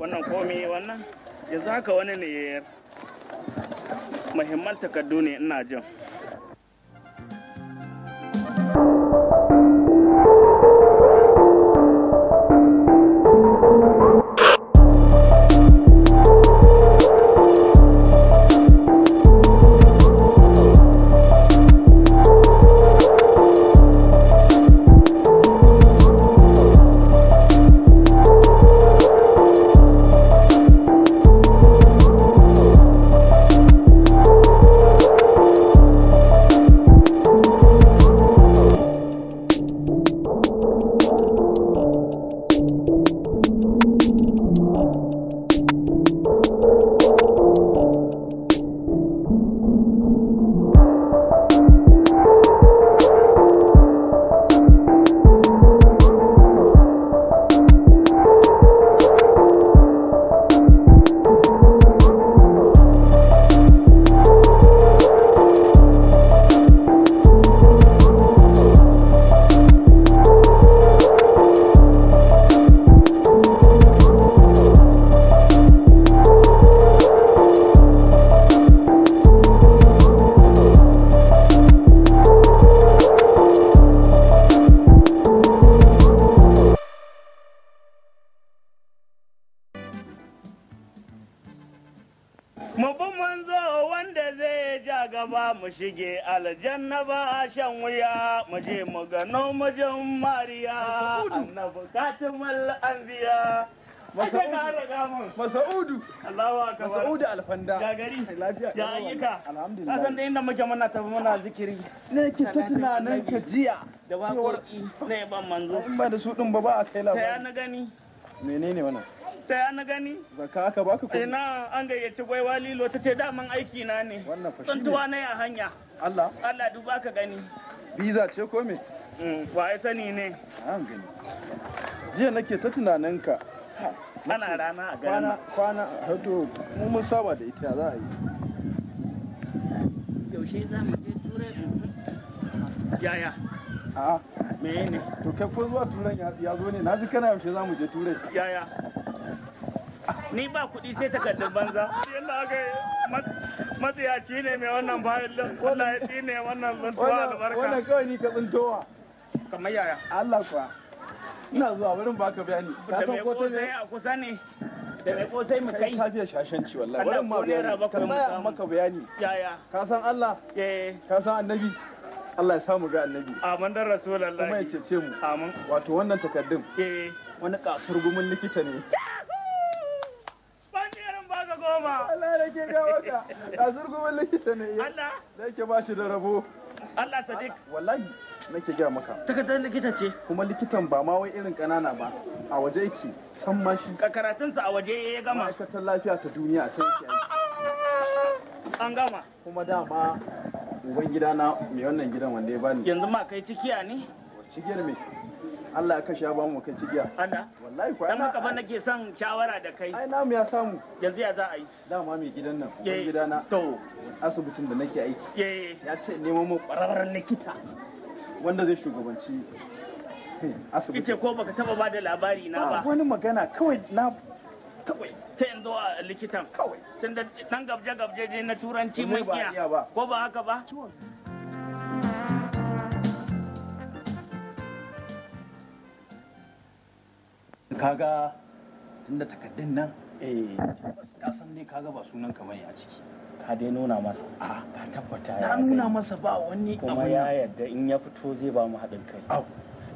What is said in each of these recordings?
wannan komi wannan yanzu haka wani ne muhimman takardu ne ina jin banda ya gari ya ayyuka alhamdulillah kasan da inda muke muna tafi muna zikiri ne ki ta tunanin ka jiya da waƙoƙi na yaban manzo in ba da su din ba ba a kai labari ta na gani menene wannan ta na gani zaka aka baka kuɗi ina an gayyaci gwaiwa lilo ta ce daman aiki na ne wannan fashi tsantuwa na ya hanya Allah Allah duba ka gani biza ce ko me mm, wa ya sani ne an gani jiya nake ta tunanin ka ana rana a garin nan kwana hato mu mun saba da ita za a yi yaushe za mu je turai yaya a menene to kai ko zuwa turai ya zo ne na ji kana yaushe za mu je turai yaya ni ba kuɗi sai takardar banza yalla aka matsiyaci ne mai wannan bayan lan wallahi ne wannan zantuwa albarka wannan kawai ni ka tsintowa kamar yaya Allah kuwa ina zuwa wurin baka bayani ka san ko sai a kusa ne da mai kosai mu kai ka je shashanci wallahi wurin ma bayani ka san maka bayani yaya ka san Allah eh ka san annabi Allah ya samu ga annabi amin dan rasulullahi kuma ya cece mu amin wato wannan takaddun eh wani kasar gumin likita ne goma. Allah da ke ga ka, kasar gumin likita ne. Allah. Da ke ba shi da rabo. Allah sadiq. Wallahi. nake gaya maka takardar likita ce kuma likitan ba ma wai irin kanana ba a waje yake san ma shi karatunsa a waje ya gama ma'aikatar lafiya ta duniya a can yake an gama kuma dama uban gidana mai wannan gidan wanda ya bani yanzu ma kai cikiya ne cikiyar me Allah ya kashe ya ba mu kai cikiya ana wallahi ko dan haka ba nake son shawara da kai ai namu ya samu yanzu ya za a yi dama mai gidan nan uban gidana to asibitin da nake aiki ya ce neman mu kwararren likita wanda zai shugabanci asibiti. Ice ko baka taba ba da labari na ba. Wani magana kawai na kawai. Ta yanzu a likitan. Kawai. Tun da ɗan gabje-gabje ne na turanci mai iya. Ko ba haka ba? Kaga tun da takaddun nan, eh, ka san ne kaga ba sunan kamar ya ciki. ka dai nuna masa a ka tabbata ya nuna masa ba wani kuma ya yadda in ya fito zai ba mu haɗin kai au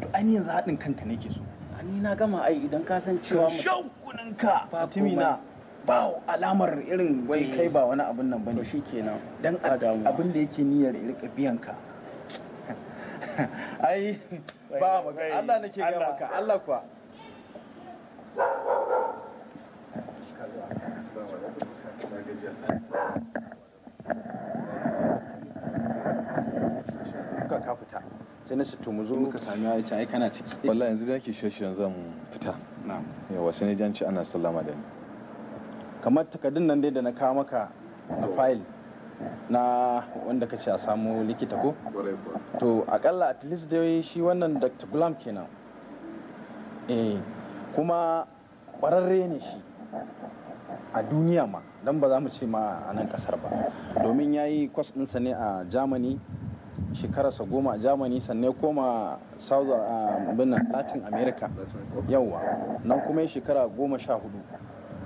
to an yanzu haɗin kanta nake so ni na gama ai idan ka san cewa mu shaukunin ka fatimina ba alamar irin wai eh. kai ba wani abun nan bane shikenan dan abin da yake niyyar rika biyan ka ai ba Allah nake ga maka Allah kuwa ka ka sai na to mu zo muka sami ya ce ai kana ciki wallahi yanzu da ke shashiyan zan fita na'am yawa sai na janci ana sallama da ni kamar takardun nan dai da na kawo maka a fayil na wanda kace a samu likita ko to akalla at least dai shi wannan Dr. Gulam kenan eh kuma kwararre ne shi a duniya ma don ba za mu ce ma a nan kasar ba domin ya yi kwas ɗinsa ne a germany shekararsa goma a germany sannan koma south abinnan latin america yawa nan kuma ya shekara goma sha hudu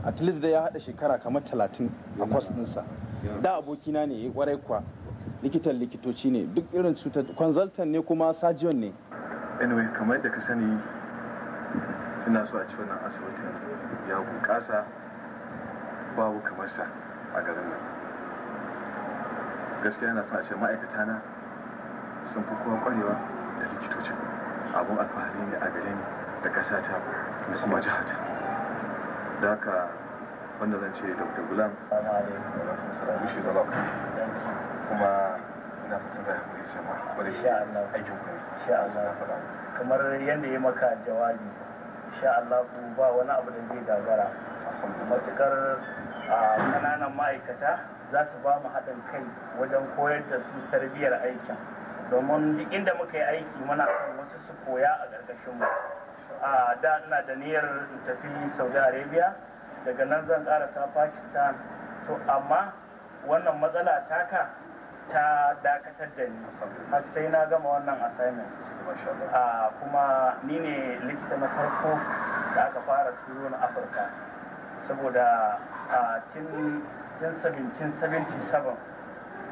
at least da ya haɗa shekara kamar talatin a kwas ɗinsa da abokina ne ya kwarai kuwa likitan likitoci ne duk irin cutar consultant ne kuma sajiyon ne anyway kamar yadda ka sani ina so a ci wannan asibitin ya bunƙasa babu kamar sa a garin nan gaskiya na sa ma'aikata na sun fi kowa kwarewa da likitocin abun alfahari ne a gare ni da kasata da kuma jihata da haka wanda zan ce dr gulam shi zaba kuma ina fatan da shi jama'a nan aikin fara kamar yadda ya maka jawabi sha Allah ba wani abu da zai gagara matukar kananan ma'aikata za su ba mu haɗin kai wajen koyar da su tarbiyyar aikin domin duk inda muka yi aiki muna wasu su koya a ƙarƙashin mu a da ina da niyyar tafi saudi arabia daga nan zan ƙarasa pakistan to amma wannan matsala taka ta dakatar da ni har sai na gama wannan assignment kuma ni ne likita na farko da aka fara turo na afirka saboda a tun 1777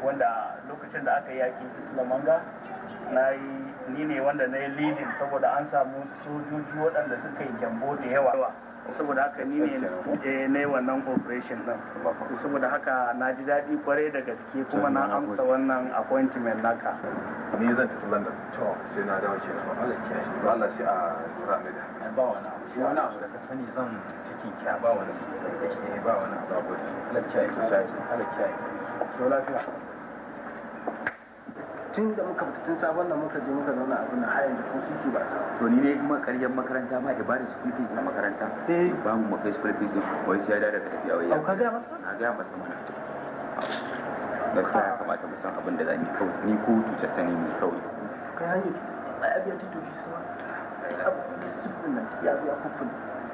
wanda lokacin da aka yi yakin manga, na yi ni ne wanda na yi leading saboda an samu sojoji waɗanda suka yi jambo da yawa saboda haka ni ne eh, na yi wannan operation nan. saboda haka na ji daɗi kwarai da gaske kuma na amsa wannan appointment naka ni zan tafi london to sai na dawo kenan Allah ya shi ba Allah sai a lura mai da ba wani abu wani abu da ka sani zan aiki kya ba wani ba wani exercise so lafiya tun da muka fita tun sabon nan muka je muka zauna abin nan hayan da ko sisi ba sa to ni ne kuma makaranta ma ibarin school fees na makaranta eh. ba mu makai school fees wai sai daga tafiya wai ka ga masa na ga masa mana gaskiya ya kamata mu san abin da zan yi kawai ni ko tuce sani ne kawai kai hanyar a abiya ta shi sama ya zo ya kuffin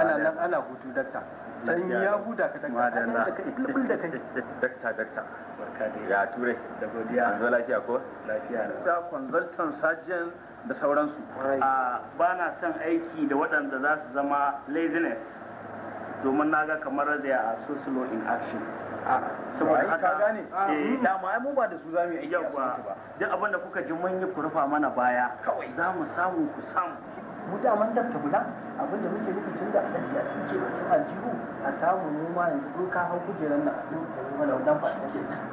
ana nan ana hutu dakta dan ya huda ka dakta da kai kulkul da kai dakta dakta ya ture da godiya an zo lafiya ko lafiya da consultant surgeon da sauransu ah, ba na son aiki da waɗanda za su zama laziness domin na ga kamar da a so slow in action ah, saboda haka gane ah, eh hmm. da ma mu ba da su zamu yi aiki ba duk abin da kuka ji mun yi kurfa mana baya kawai za mu samu ku samu mu daman dafta guda abinda muke nufi tun da alaji a cikin cikin aljihu a samu noma yanzu ko ka hau kujeran nan a lokacin wani wannan ba ta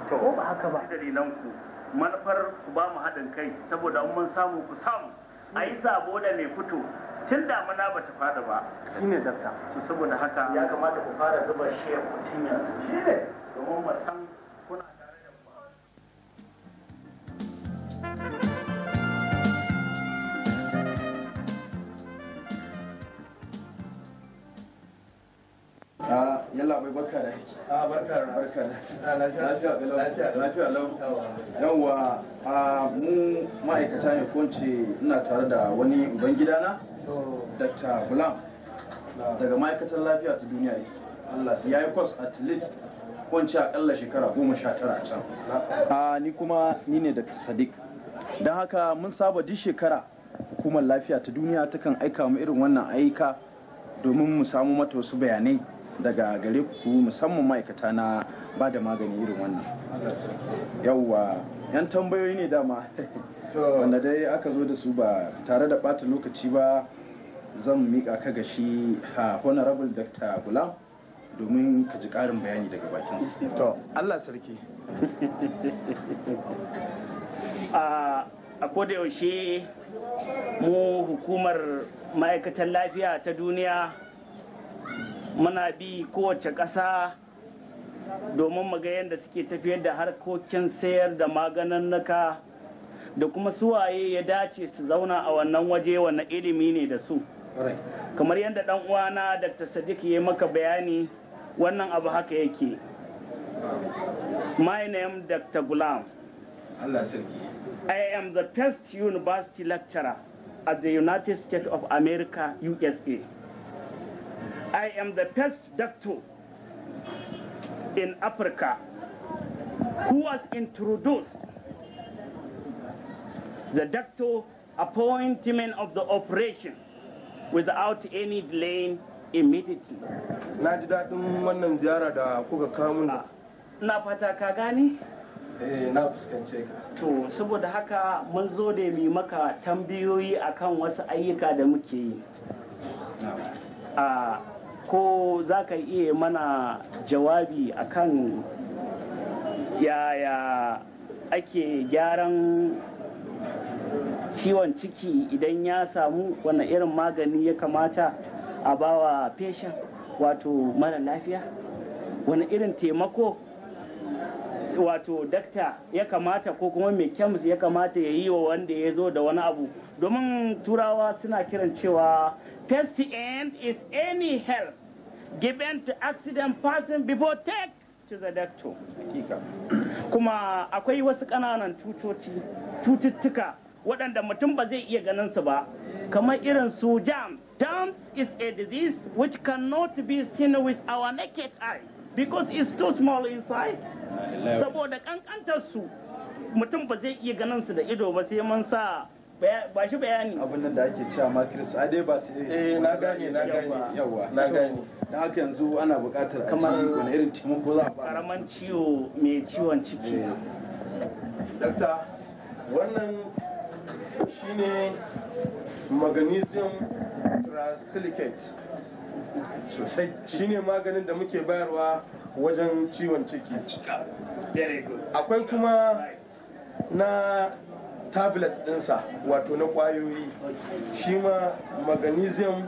ce ko ba haka ba nan ku manufar ku ba mu haɗin kai saboda mun samu ku samu a yi sabo da mai fito tun mana ba ta fada ba shi ne dafta saboda haka ya kamata ku fara zuba shi mutum yanzu shi ne domin mu san yalla bai barka da a ah, barka da barka da ah, lafiya lafiya lafiya lau yawa a ah, mu ma'aikata ne ko ina tare da wani ban gida na Dr. Gulam daga ma'aikatar lafiya ta duniya Allah ya yi kwas at least ko in akalla shekara goma sha tara a can a ni kuma ni ne Dr. Sadiq don haka mun saba duk shekara hukumar lafiya ta duniya takan aika mu irin wannan aika domin mu samu mata wasu bayanai daga gare ku musamman ma'aikata na ba da magani irin wannan yawwa yan tambayoyi ne dama wanda dai aka zo da su ba tare da bata lokaci ba zan miƙa ka ga shi ha honorable dr gulam domin ka ji ƙarin bayani daga bakin to allah sarki a kodayaushe mu hukumar ma'aikatan lafiya ta duniya muna bi kowace ƙasa domin mu ga yadda suke tafiyar da harkokin sayar da naka da kuma suwaye ya dace su zauna a wannan waje wannan ilimi ne da su kamar yadda ɗan uwana dr sadiq ya maka bayani wannan abu haka yake my name dr gulam i am the first university lecturer at the united states of america usa I am the first doctor in Africa who was introduced the doctor appointment of the operation without any delay immediately. Na ji daɗin wannan ziyara da kuka kamun da. Na fata ka gani? Eh, na fuskance ka. To, saboda haka mun zo da mai maka tambayoyi akan wasu ayyuka da muke yi. ko za ka iya mana jawabi akan yaya ake gyaran ciwon ciki idan ya samu wani irin magani ya kamata a bawa fesha wato mara lafiya wani irin taimako wato dakta ya kamata ko kuma mai kyamus ya kamata ya yi wa wanda ya zo da wani abu domin turawa suna kiran cewa first end is any help given to accident person before take to the doctor. Kuma akwai wasu ƙananan tutoci, cututtuka waɗanda mutum ba zai iya ganin su ba, kamar irin su jam. Jam is a disease which cannot be seen with our naked eye because it's too small inside. Saboda ƙanƙantar su mutum ba zai iya ganin su da ido ba sai mun sa ba shi bayani. Abin da ake cewa ma Chris, a dai ba su eh, na gane na gane yawa na gane. da haka yanzu ana bukatar kamar wani irin ko za a ba karaman ciwo mai ciwon ciki eh. dakta wannan shine magnesium trasilicate sosai shine maganin da muke bayarwa wajen ciwon ciki akwai kuma na tablet dinsa wato na ƙwayoyi shi ma magnesium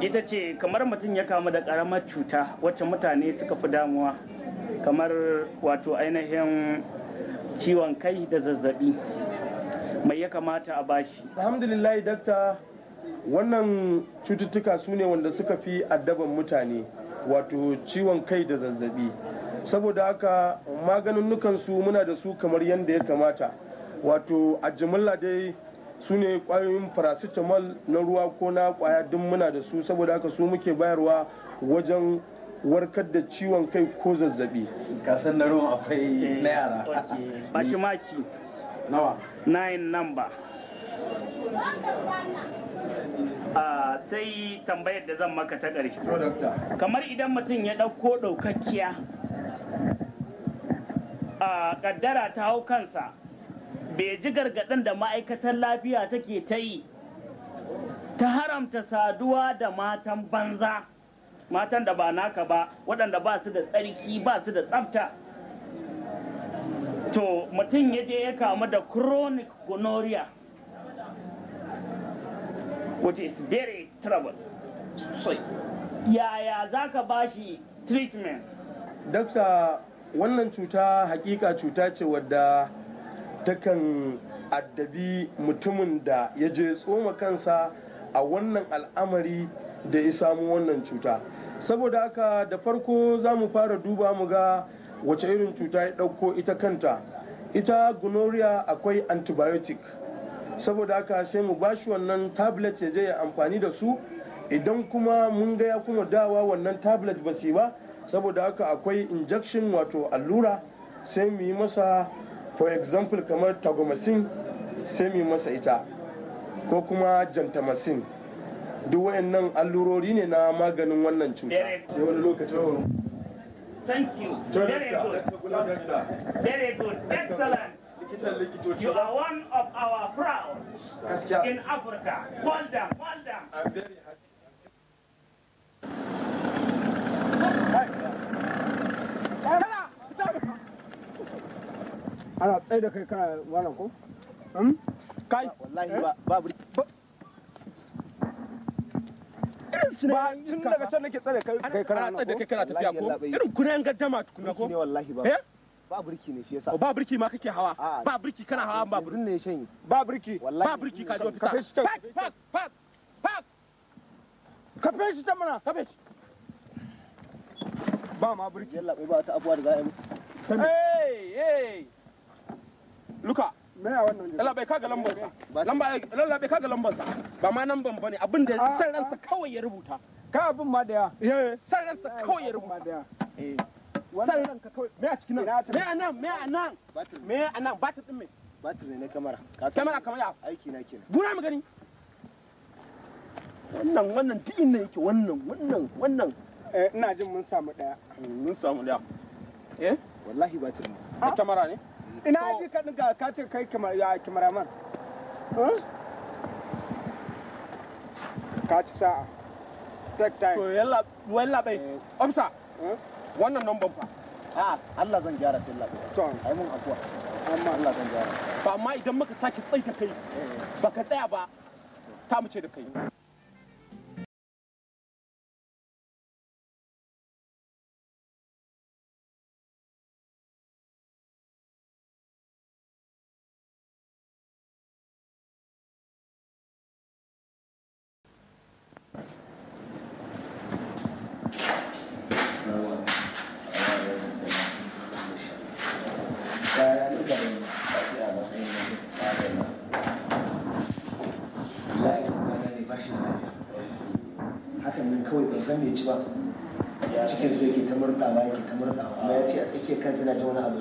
ita ce kamar mutum ya kamu da karamar cuta wacce mutane suka fi damuwa kamar wato ainihin ciwon kai da zazzabi mai ya kamata a bashi alhamdulillah dakta wannan cututtuka su ne wanda suka fi addaban mutane wato ciwon kai da zazzabi saboda haka maganin nukansu muna da su kamar yadda ya kamata wato a jimilla dai su ne kwayoyin paracetamol na ruwa ko na kwaya duk muna da su saboda haka su muke bayarwa wajen warkar da ciwon kai ko zazzabi gasar na ruwan akwai na yara eh, bashi maki nawa nine number ah, sai tambayar da zan maka ta ƙarshe kamar idan mutum ya ɗauko ɗaukakkiya a ah, ƙaddara ta hau kansa bai ji gargaɗin da ma'aikatar lafiya take ta yi ta haramta saduwa da matan banza matan da ba naka ba waɗanda ba su da tsarki ba su da tsafta to mutum ya je ya kamu da chronic gonorrhea which is very trouble so yaya za ka ba shi treatment dakta wannan cuta hakika cuta ce wadda takan addabi mutumin da ya je tsoma kansa a wannan al'amari da ya samu wannan cuta saboda haka da farko za mu fara duba mu ga wace irin cuta ya ɗauko ita kanta ita gonorrhea akwai antibiotic saboda haka sai mu bashi wannan tablet ya je ya amfani da su idan kuma mun ga ya kuma dawa wannan tablet ba ba saboda haka akwai injection wato allura sai mu yi masa for example kamar tagomasin sai mu masa ita ko kuma jantamasin duk wayannan allurori ne na maganin wannan cuta sai wani lokaci Thank you. Very good. Very good. Excellent. You are one of our proud in Africa. Well done. Well done. ana tsaye da kai kana wannan ko hmm? kai wallahi babu eh? ba in daga can nake tsare kai kana tsare da kai kana tafiya ko irin ba eh? burki ne shi yasa oh, ba burki ma kake hawa ba burki kana hawa ba burki ne shan ba burki ba burki ka jo fita pak pak pak pak ka feshi ta mana ka fesi ba ma burki yalla bai ba ta abuwa da za yi hey hey luka lalabai kaga lambar sa ba ma nan ban bane abin da ah, ah. kawai ya rubuta ka abin ma da ya eh, kawai ya rubuta eh, san a nan me a nan me a nan me a nan ne kamera kamera kamar ya wannan wannan eh, ina jin mun samu daya hmm, mun samu daya eh wallahi ta ne kamera ne ina ji ka ɗiga ka ce kai kimaraman ka ci sa'a take time to yalla walla bai eh. amsa wannan nan fa a Allah zan gyara sai Allah to ai mun akwa amma Allah zan gyara ba amma idan muka sake tsaita kai eh. baka tsaya ba ta mace da kai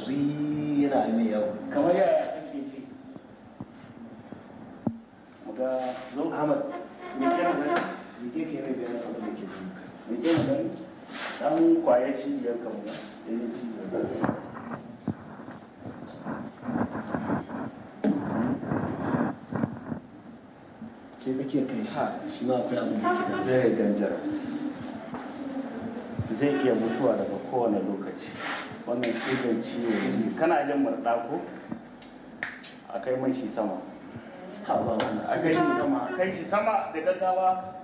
motsi yana kamar yaya kake me ke me ke ke mai abin da ke ji me ke dan kwaye eh, da kake kai shi ma akwai abin da ke da zai iya mutuwa daga kowane lokaci wannan cikin ciwo ne kana jin murɗa ko a kai mai shi sama a kai shi sama a kai shi sama da gaggawa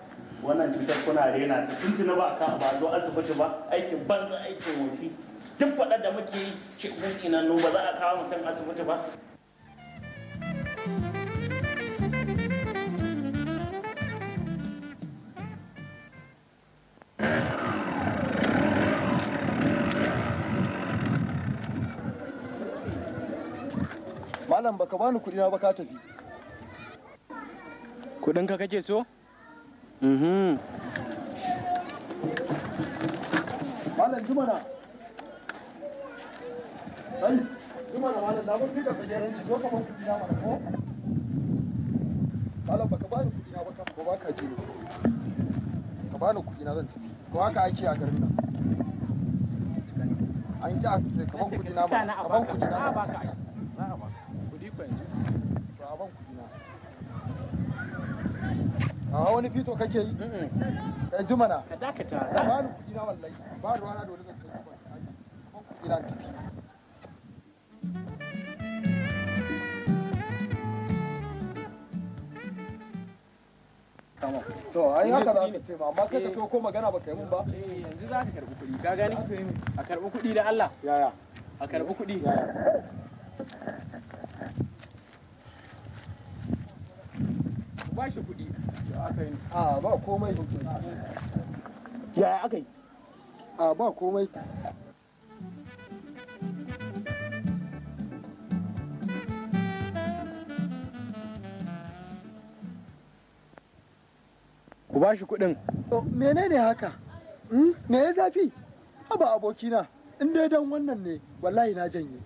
wannan cutar kuna rena ta Tuntuna tuna ba ka ba zo asibiti ba aikin banza aikin wofi duk faɗa da muke shi ina nan ba za a kawo mutum asibiti ba malam baka bani kudi na ba ka tafi kudin ka kake so mhm malam jumana sai jumana malam da mun fika fajaran ci zo ka ban kuɗi na mana ko malam baka bani kudi na ba ka ko baka ji ka bani kudi na zan tafi ko haka ake a garin nan an ji a kaman kuɗi na ba kaman kudi na ba ka ai a wani fito kake yi kai ji mana ka dakata ba ni kuɗi na wallahi ba ruwa na da wani zance ba kuɗi na tafi to yi haka za ka ce ma amma kai ka eh. ko magana ba ka yi mun ba eh, yanzu za ka karbi kuɗi ka gani a karɓi kuɗi da Allah yaya a karɓi kuɗi ba shi kuɗi ku ba shi kuɗin. menene haka hmm? me ya zafi haba abokina inda dai don wannan ne wallahi na janye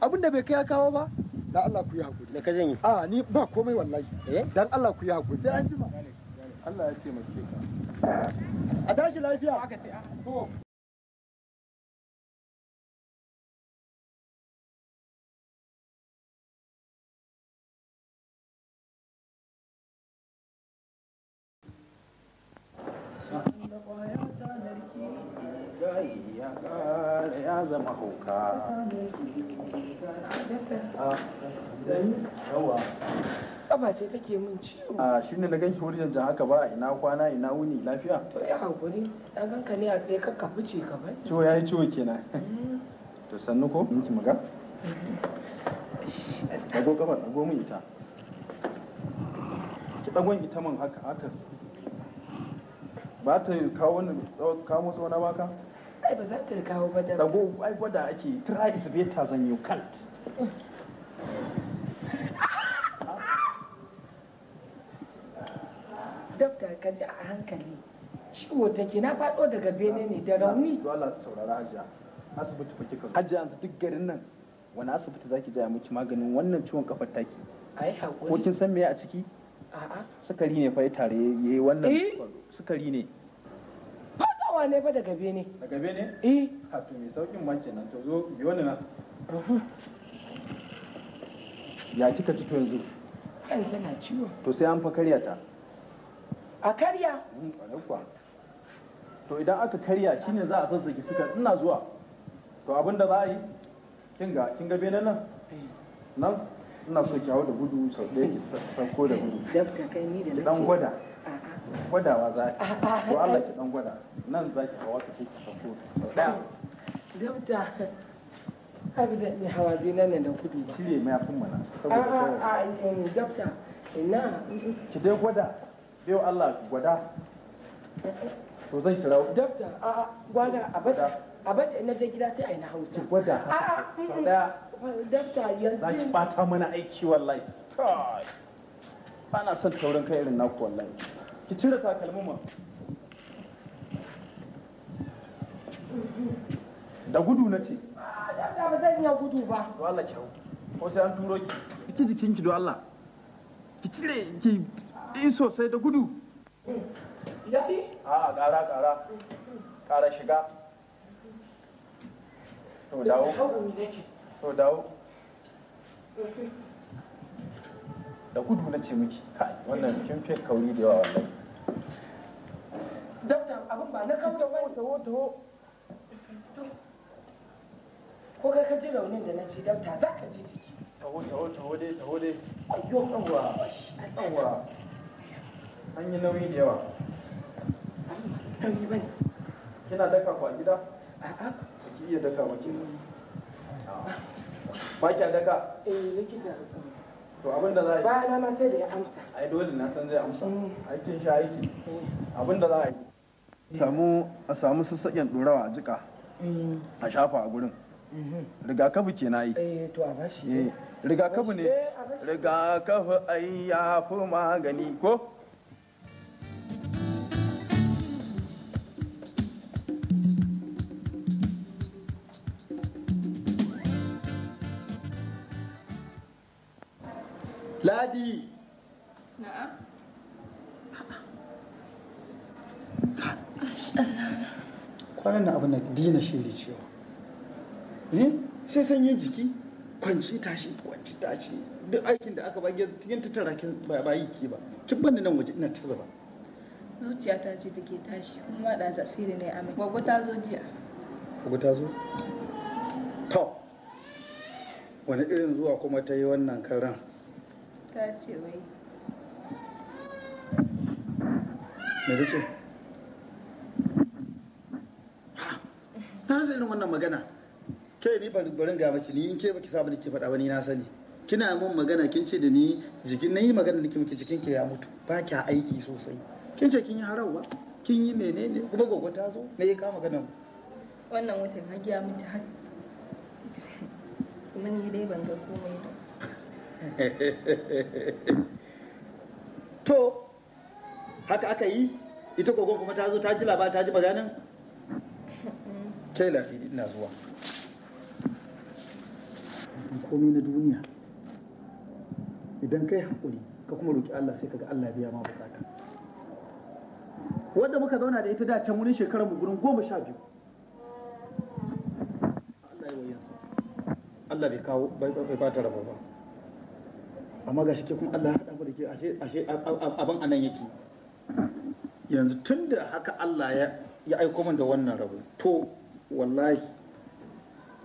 abinda bai kai ya kawo ba dan Allah ku yi hakuri da ka janye a ni ba komai wallahi eh? dan Allah ku yi hakuri sai an jima Allah ya ce mace ka a tashi lafiya ya zama hauka Ƙafa ce take min ciwo. A shi ne na ganki wurin haka ba ina kwana ina wuni lafiya? To ya haƙuri, ne a tsaye ka ka Ciwo ya yi ciwo kenan. Mm. To sannu ko? maga? Dago dago min ita. Ki dagon ita man haka, haka. Ba kawo wani kawo tsona baka? ai ba za ta kawo ba da rago ai gwada ake try is better than you can't dafta ka ji a hankali ciwo take na faɗo daga bene ne da rauni dole saurara ajiya. asibiti fa kika hajiya yanzu duk garin nan wani asibiti za zaki je miki maganin wannan ciwon kafar taki ai hakuri ko kin san me a ciki a'a sukari ne fa ya tare yayi wannan eh? sukari ne dawa ne gabe daga bene daga bene eh ha to mai saukin ma kenan to zo biyo ni na ya kika ci to yanzu Kai tana ciwo to sai an fa karya ta a karya hmm, to idan aka karya shine za a sassake suka ina zuwa to abin da za a yi kin ga kin ga bene nan eh. nan ina so ki hawo da gudu sau ɗaya ki sauko da gudu dan gwada gwadawa za ki Allah ki dan gwada nan za ki hawa ki ki sako daya da ni hawa nan da mai afin mana saboda eh, dabta ina ki dai gwada Allah gwada to zan kira dabta gwada je gida ta aina hausa gwada eh, eh, dabta yanzu za ki bata mana aiki wallahi kai ba na son taurin kai irin naku wallahi ki cire takalmin ma da gudu na ce da ba zan iya gudu ba to Allah ki hau ko sai an turo ki ki jikin ki do Allah ki cire ki yi sosai da gudu yaɗi a ƙara ƙara ƙara shiga to dawo to dawo da gudu na ce miki kai wannan kin fi kauri da yawa wallahi dakta abin ba na kawo da ba taho taho ko kai ka ji raunin da na ji dakta za ka ji jiki taho taho taho dai taho dai ayyo yawwa yawwa an yi nauyi da yawa nauyi ba kina daka ku a gida a'a ki iya daka ba kin ba ki daka eh likita to abin da za a yi bayan na sai da ya amsa ai dole na san zai amsa mm. aikin shi aiki mm. abin da za a yi mm. samu a samu sassaƙen ɗorawa a jika a shafa a gurin mm-hmm. rigakafi ke na yi eh, eh, rigakafi ne rigakafi ai ya fi magani ko ladi Kwanan kwanan na abin da dina shiri cewa ne eh, sai sanyin jiki kwanci tashi kwanci tashi duk aikin da aka bagi yin tattara kin ba yi ki ba kin banda nan waje ina ta gaba zuciya ta ce take tashi kuma da tasiri ne a mai gwagwa ta zo jiya gwagwa ta zo to wani irin zuwa kuma ta yi wannan karan ta ce wai me ta ce na zai irin wannan magana ke ni ba barin ga miki ni in ke baki saba ke faɗa ba ni na sani kina mun magana kin ce da ni jikin yi magana nake miki jikin ki ya mutu ba ki aiki sosai kin ce kin yi harawa kin yi menene kuma gogo ta zo me ya kama magana wannan wutan hagiya miki har kuma ni dai ban ga komai ba to haka aka yi ita kogon kuma ta zo ta ji labarin ta ji maganin ta yi na ina zuwa komai na duniya idan kai haƙuri ka kuma roƙi Allah sai kaga Allah biya ma bukata Wanda muka zauna da ita da can wurin shekarar mu gurin goma sha biyu Allah ya Allah bai kawo bai bai ba ta rabo ba amma ga shi ke kuma Allah ya haɗa da ke ashe abin anan yake yanzu tun da haka Allah ya aiko min da wannan rabu to wallahi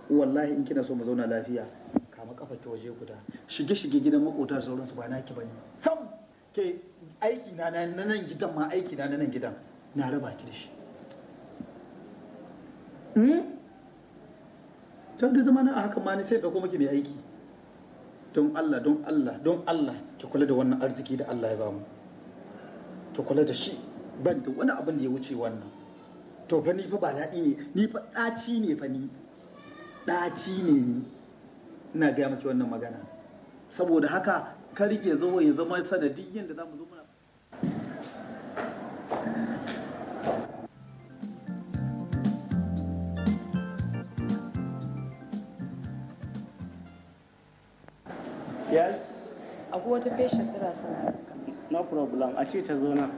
wallahi in kina so mu zauna lafiya kama kafa ta waje guda shige shige gidan makota sauransu ba naki bane sam ke aiki na na nan gidan ma aiki na na nan gidan na raba ki da shi hmm? can da zama na a haka ma ni sai da kuma ki mai aiki don Allah don Allah don Allah ki kula da wannan arziki da Allah ya bamu ki kula da shi ban da wani abin da ya wuce wannan to fa ni fa ba daɗi ne ni fa ɗaci ne fa ni ɗaci ne ni ina gaya miki wannan magana saboda haka kar ya zo ya zama sanadin yadda za mu zo muna wata no problem a ce ta zo nan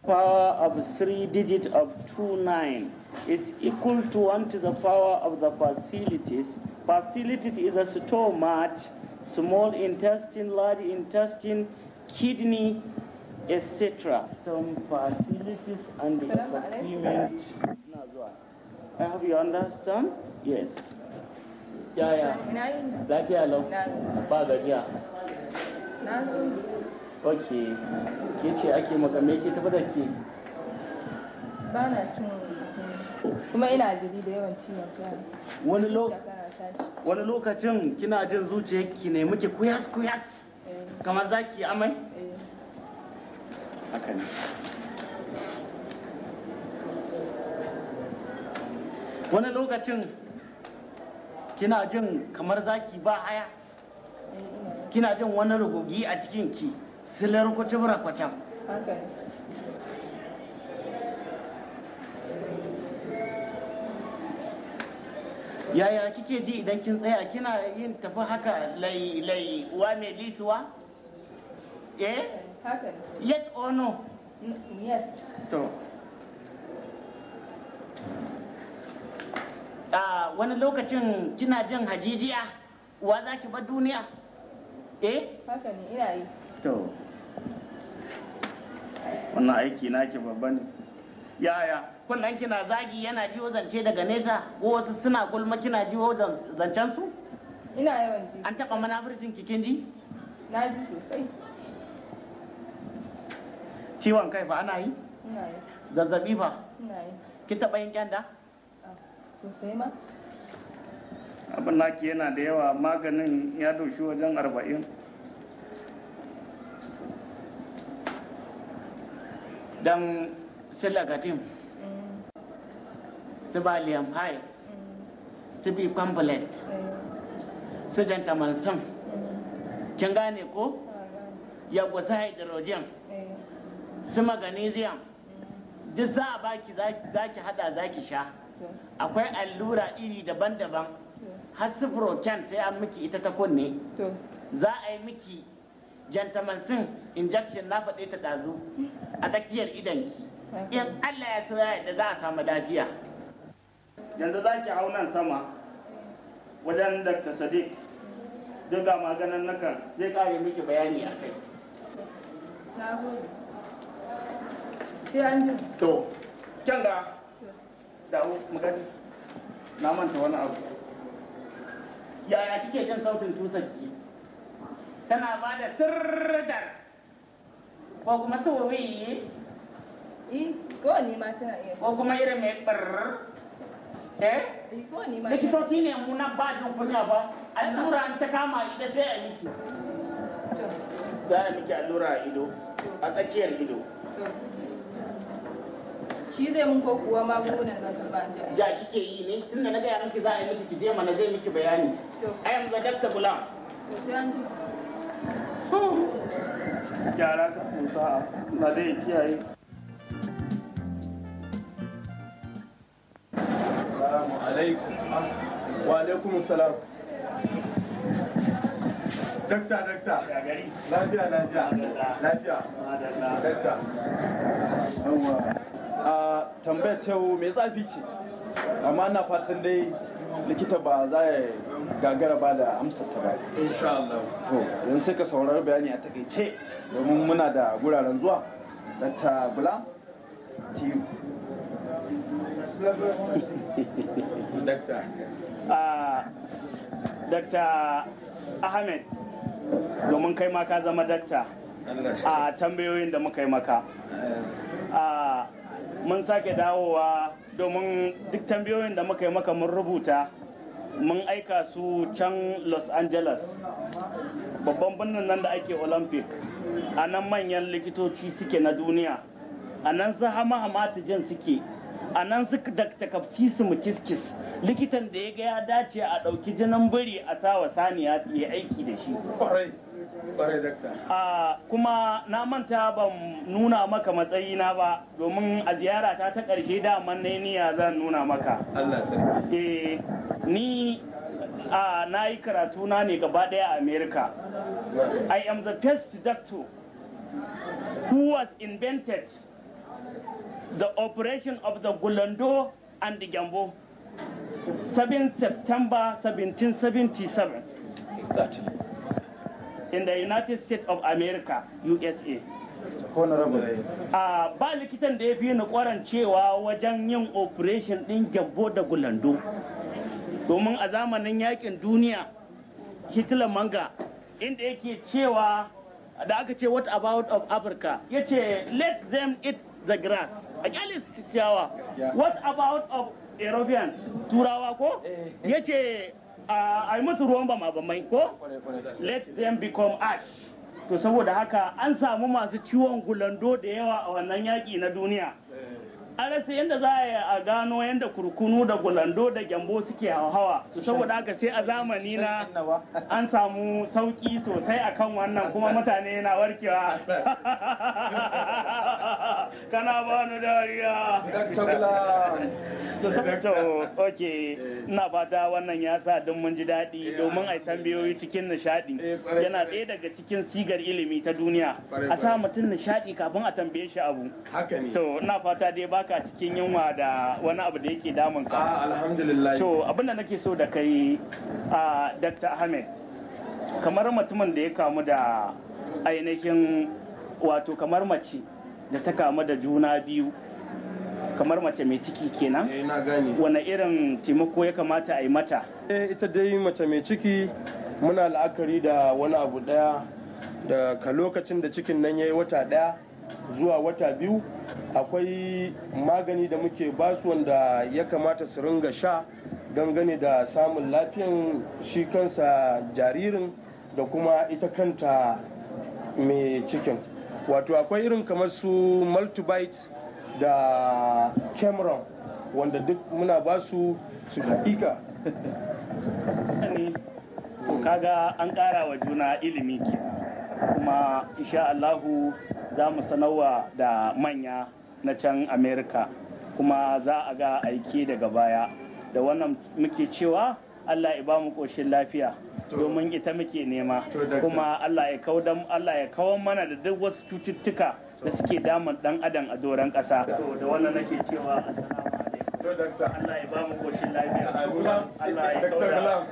power of three digit of two nine is equal to 1 to the power of the facilities. Facilities is a stomach, small intestine, large intestine, kidney, etc. Some facilities and equipment. supplement. I hope you understand? Yes. Yeah, yeah. Lafiya lau. Ba gajiya. Ok. Ke ce ake maka me ke tafi da ke? Ba na cin kuma ina jiri da yawan Wani Wani lokacin kina jin zuciyarki ne muke kuyas kuyas eh. kamar zaki amai? Hakan. wani lokacin kina jin kamar zaki ba haya kina jin wani rugugi a cikin ki silar kwacin rakwacin yaya kike ji idan kin tsaya kina yin tafi haka lai lai uwa mai lituwa eh yes or no mm, yes to a ah, wani lokacin kina jin hajijiya wa za ki bar duniya eh haka ne ina yi to wannan aiki naki babba ne yaya kunnan kina zagi yana jiwo zance daga nesa ko wasu suna gulma kina jiwo zancen ina yawan ji an taba manafurcin kikin ji na ji sosai ciwon kai ba ana yi zazzabi fa ki taɓa yin kyanda ah, abin naki yana da yawa maganin ya doshi wajen arba'in don silagatin mm. su baliyan pie mm. su bi complet mm. su kin gane ko ah, yagwasa hydrogen su magnesium duk za a baki za ki hada za ki sha akwai allura iri daban-daban har su protein sai an miki ita ta kunne za a yi miki jantamansin injection na faɗe ta dazu a tsakiyar idan ki in allah ya tura yadda za a samu lafiya yanzu za ki hau nan sama wajen ta sadiq duk ga maganin nakan zai ƙara miki bayani a kai sai an ji to kyan ga dawo mu na manta wani abu yaya kike jin sautin tusan ki tana ba da sirrdar ko kuma tsowi yi eh, ko ni ma tana iya ko kuma irin mai barar eh? eh ko ni ma likitoci ne mu na ba jin kunya ba allura an ta kama ita sai a miki za a miki allura a ido a tsakiyar ido shi zai mun ko kuwa magungunan gargajiya ja kike yi ne tunda na gaya miki za a yi miki ki je mana zai miki bayani a yanzu dakta bulan gyara ka kusa na dai kiyaye Assalamu alaikum. Wa alaikum salam. dakta dakta lafiya lafiya lafiya dakta a tambayar cewa mai zafi ce amma na fatan dai likita ba za ya gagara ba da amsar ta ba to yanzu sai ka saurari bayani a takaice domin muna da guraren zuwa da tabula tiyu Dakta Ahmed domin kai ma ka zama dakta a tambayoyin da muka yi maka. Eh. mun sake dawowa domin duk tambayoyin da muka yi maka mun rubuta mun aika su can los angeles babban birnin nan da ake olympic a nan manyan likitoci suke na duniya a nan zahama hamata jin suke a nan suka daktakafci su mu kiskis likitan da ya ga ya dace a ɗauki jinan biri a sawa saniya ya aiki da shi a kuma na manta ban nuna maka matsayina ba domin a ziyarata ta ta ƙarshe daman ne niya zan nuna maka eh ni a na yi karatu na ne gaba ɗaya a Amerika. i am the first doctor who was invented the operation of the Gulando and the Jambo, 7 September 1777. In the United States of America, USA. Ah, ba likitan da ya fi ni kwarancewa wajen yin operation ɗin gyambo da gulando domin a zamanin yakin duniya hitler manga inda yake cewa da aka ce what about of africa ya ce let them eat the grass a kyale what about of european turawa ko eh, eh. yace a yi musu ruwan ma bamai ko let them become ash to saboda haka an samu masu ciwon gulando da yawa a wannan yaƙi na duniya eh. an yadda za a yi a gano yadda kurkunu da gulando da gyambo suke hawa saboda aka ce a zamani na an samu sauki sosai a kan wannan kuma mutane na warkewa kana ba dariya ok ina fata wannan ya sa don mun ji daɗi eh, domin a eh, tambayoyi cikin nishaɗi eh, yana ɗaya daga cikin sigar ilimi ta duniya a sa mutum nishaɗi kafin a tambaye shi abu to ina fata dai ba baka cikin yunwa da wani abu da yake damun ka ah, alhamdulillah to abin da nake so da kai a ah, Dr. Ahmed kamar mutumin da ya kamu da ainihin wato kamar mace da ta kamu da juna biyu kamar mace mai ciki kenan eh, wane irin taimako ya kamata a yi mata eh, ita dai mace mai ciki muna la'akari da wani abu daya da ka lokacin da cikin nan ya yi wata daya zuwa wata biyu akwai magani da muke basu wanda ya kamata su ringa sha dangane da samun lafiyan shi kansa jaririn da kuma ita kanta mai cikin wato akwai irin kamar su multibite da cameron wanda duk muna basu su haƙiƙa kaga an ƙara wa juna ilimi kenan kuma insha Allahu za mu sanarwa da manya na can Amerika kuma za a ga aiki daga baya da wannan muke cewa Allah ya ba mu ƙoshin lafiya domin ita muke nema kuma Allah ya kawo mana da duk wasu cututtuka da suke damun dan adam a doron kasa. da wannan nake cewa Allah ya ba mu koshin lafiya. Allah ya kaura.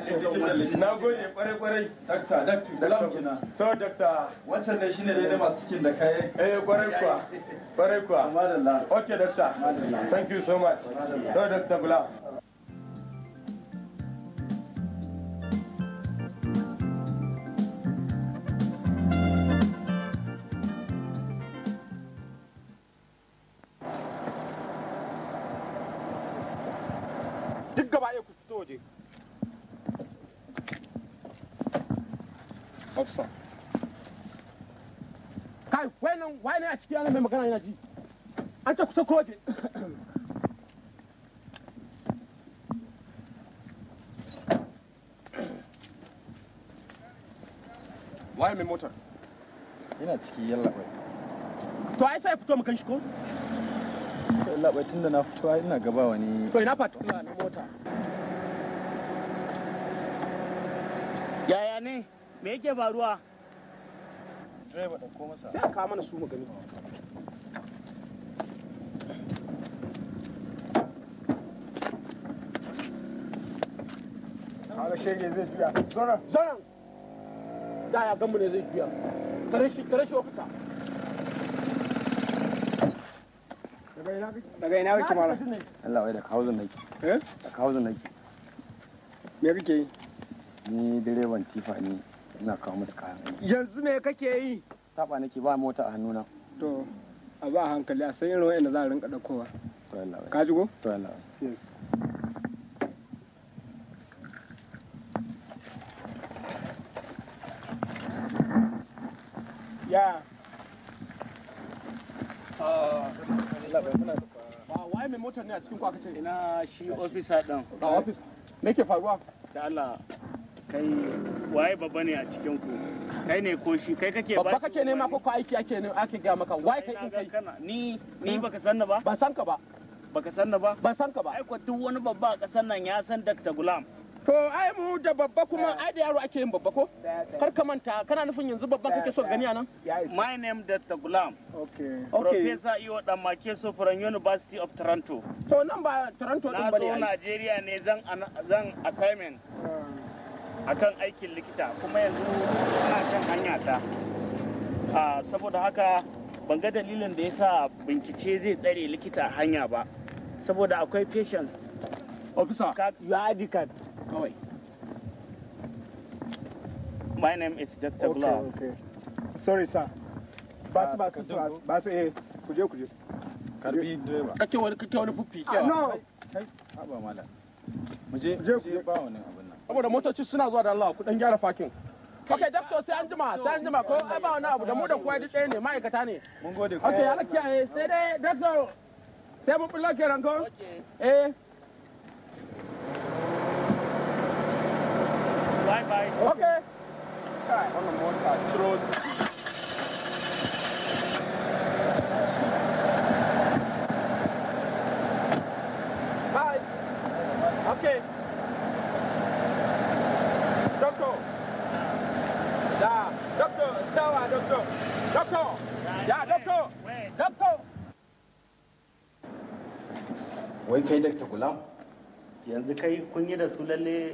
Na gode kwarai kwarai. Dakta, dakta, dalam kina. To dakta. Wancan ne shine ne masu cikin da kai. Eh kwarai kwa. Kwarai kwa. Madalla. Okay dakta. Thank you so much. To dakta Bula. kotu waye mai motar Ina ciki yalla bai to ai sai fito mu shi ko yalla bai tunda na fito ai ina gaba wani to ina fatula na mota yaya ne me yake faruwa direba da ko masa sai ka mana su mu gani shege zai juya zoran zoran da ya gamu ne zai juya kare shi kare shi ofisa daga ina kake mala Allah wai daga hauzin nake eh daga hauzin nake me kake yi ni direban tifa ne ina kawo musu kayan yanzu me kake yi taba nake ba mota a hannuna to a ba hankali a san irin wa'anda za a rinka daukowa to Allah wai ka jigo to Allah wai ya ah, ba waye mai motar ne a cikin kwaka ce ina shi ofisa ɗan? a ofis me ke faruwa da Allah kai waye babba ne a cikin ku kai ne ko shi kai kake ba kake nema ko ko aiki ake nema ake ga maka waye kai in kai ni ni hmm? baka sanna ba Ba san ka ba baka sanna ba Ba san ka ba ai ko duk wani babba a kasar nan ya san Dr. Gulam To ai mu da babba kuma ai da yaro ake yin babba ko? Kar ka manta kana nufin yanzu babba kake so gani anan? My name Dr. Gulam. Okay. Professor Iwo make so from University of Toronto. To nan ba Toronto din bane. Na nigeria ne zan zan assignment. Akan aikin likita kuma yanzu ina kan hanya ta. Ah, saboda haka ban ga dalilin da yasa bincike zai tsare likita hanya ba saboda akwai patients officer you are kawai my name is dr okay, Blah. okay. sorry sir ba su ba su ba su eh kuje kuje karbi direba kake wani kake wani fuffi kewa ah, no kai haba mala mu je je ba wani abin nan saboda motoci suna zuwa da Allah ku dan gyara fakin ok dakto sai an jima sai an jima ko ai ba wani abu da mu da kuwa duk ɗaya ne ma'aikata ne mun gode ku ok ala kiyaye sai dai dakto sai mun bullo kenan ko eh Bye bye. Okay. Right. On the motor, road. Okay. Doctor. Yeah, dạ, doctor. Tell her, à, doctor. Doctor. Yeah, dạ, doctor. Doctor. Wai kai dakta gulam? Yanzu kai kun yi da su lalle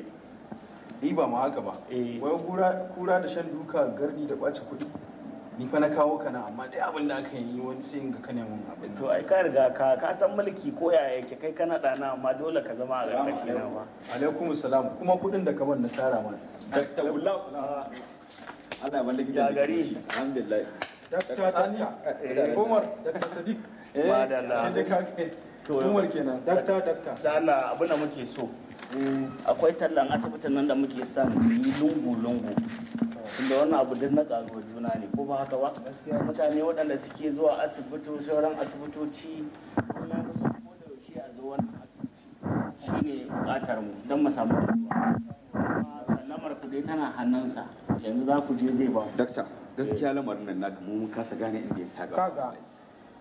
ni ba ma haka ba eh. wai kura da shan duka gardi da ɓace kuɗi ni fa na kawo kana amma dai abin da aka yi wani sai ga kane mun abin to ai ka riga ka ka san mulki ko ya yake kai kana na amma dole ka zama a garkashi na ba alaikum salam kuma kuɗin da kaman na tsara ma dakta wallahi Allah malik ya gari alhamdulillah dakta tanya eh. umar dakta sadiq eh madalla to umar kenan dakta dakta da Allah abin da muke so Mm, akwai tallan asibitin nan da muke sa yi lungu-lungu tunda wannan abu duk na karuwa juna ne ko ba haka ba mutane waɗanda suke zuwa asibito sauran asibitoci kuma kusan ko da yaushe a zo wannan asibiti shine buƙatar mu don mu samu sallamar ku dai tana hannunsa yanzu za ku je zai ba dakta gaskiya lamarin nan na mu mun kasa gane inda ya sa ga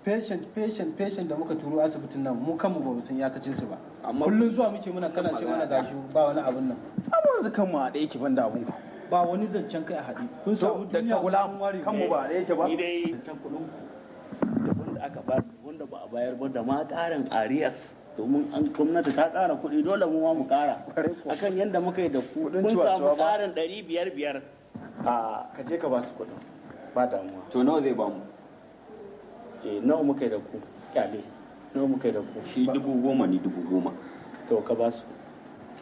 patient patient patient da muka turo asibitin nan mu kanmu ba mu san iyakacin su ba kullun zuwa muke muna kana ce mana gashi ba wani abun nan amma yanzu kanmu a ɗaya ki ban da abun ba wani zancen kai a hadi kun samu duniya kula ware kanmu ba a ɗaya ba ni dai zancen kudin da wanda aka ba wanda ba a bayar ba da ma karin arias domin an gwamnati ta kara kuɗi dole mu ma mu ƙara akan yadda muka yi da ku kun samu ƙarin ɗari biyar biyar a ka je ka ba su kudin ba damuwa to nawa zai ba mu Eh, nawa muka yi da ku kyale nawa muka yi da ku shi dubu goma ni dubu goma to ka ba su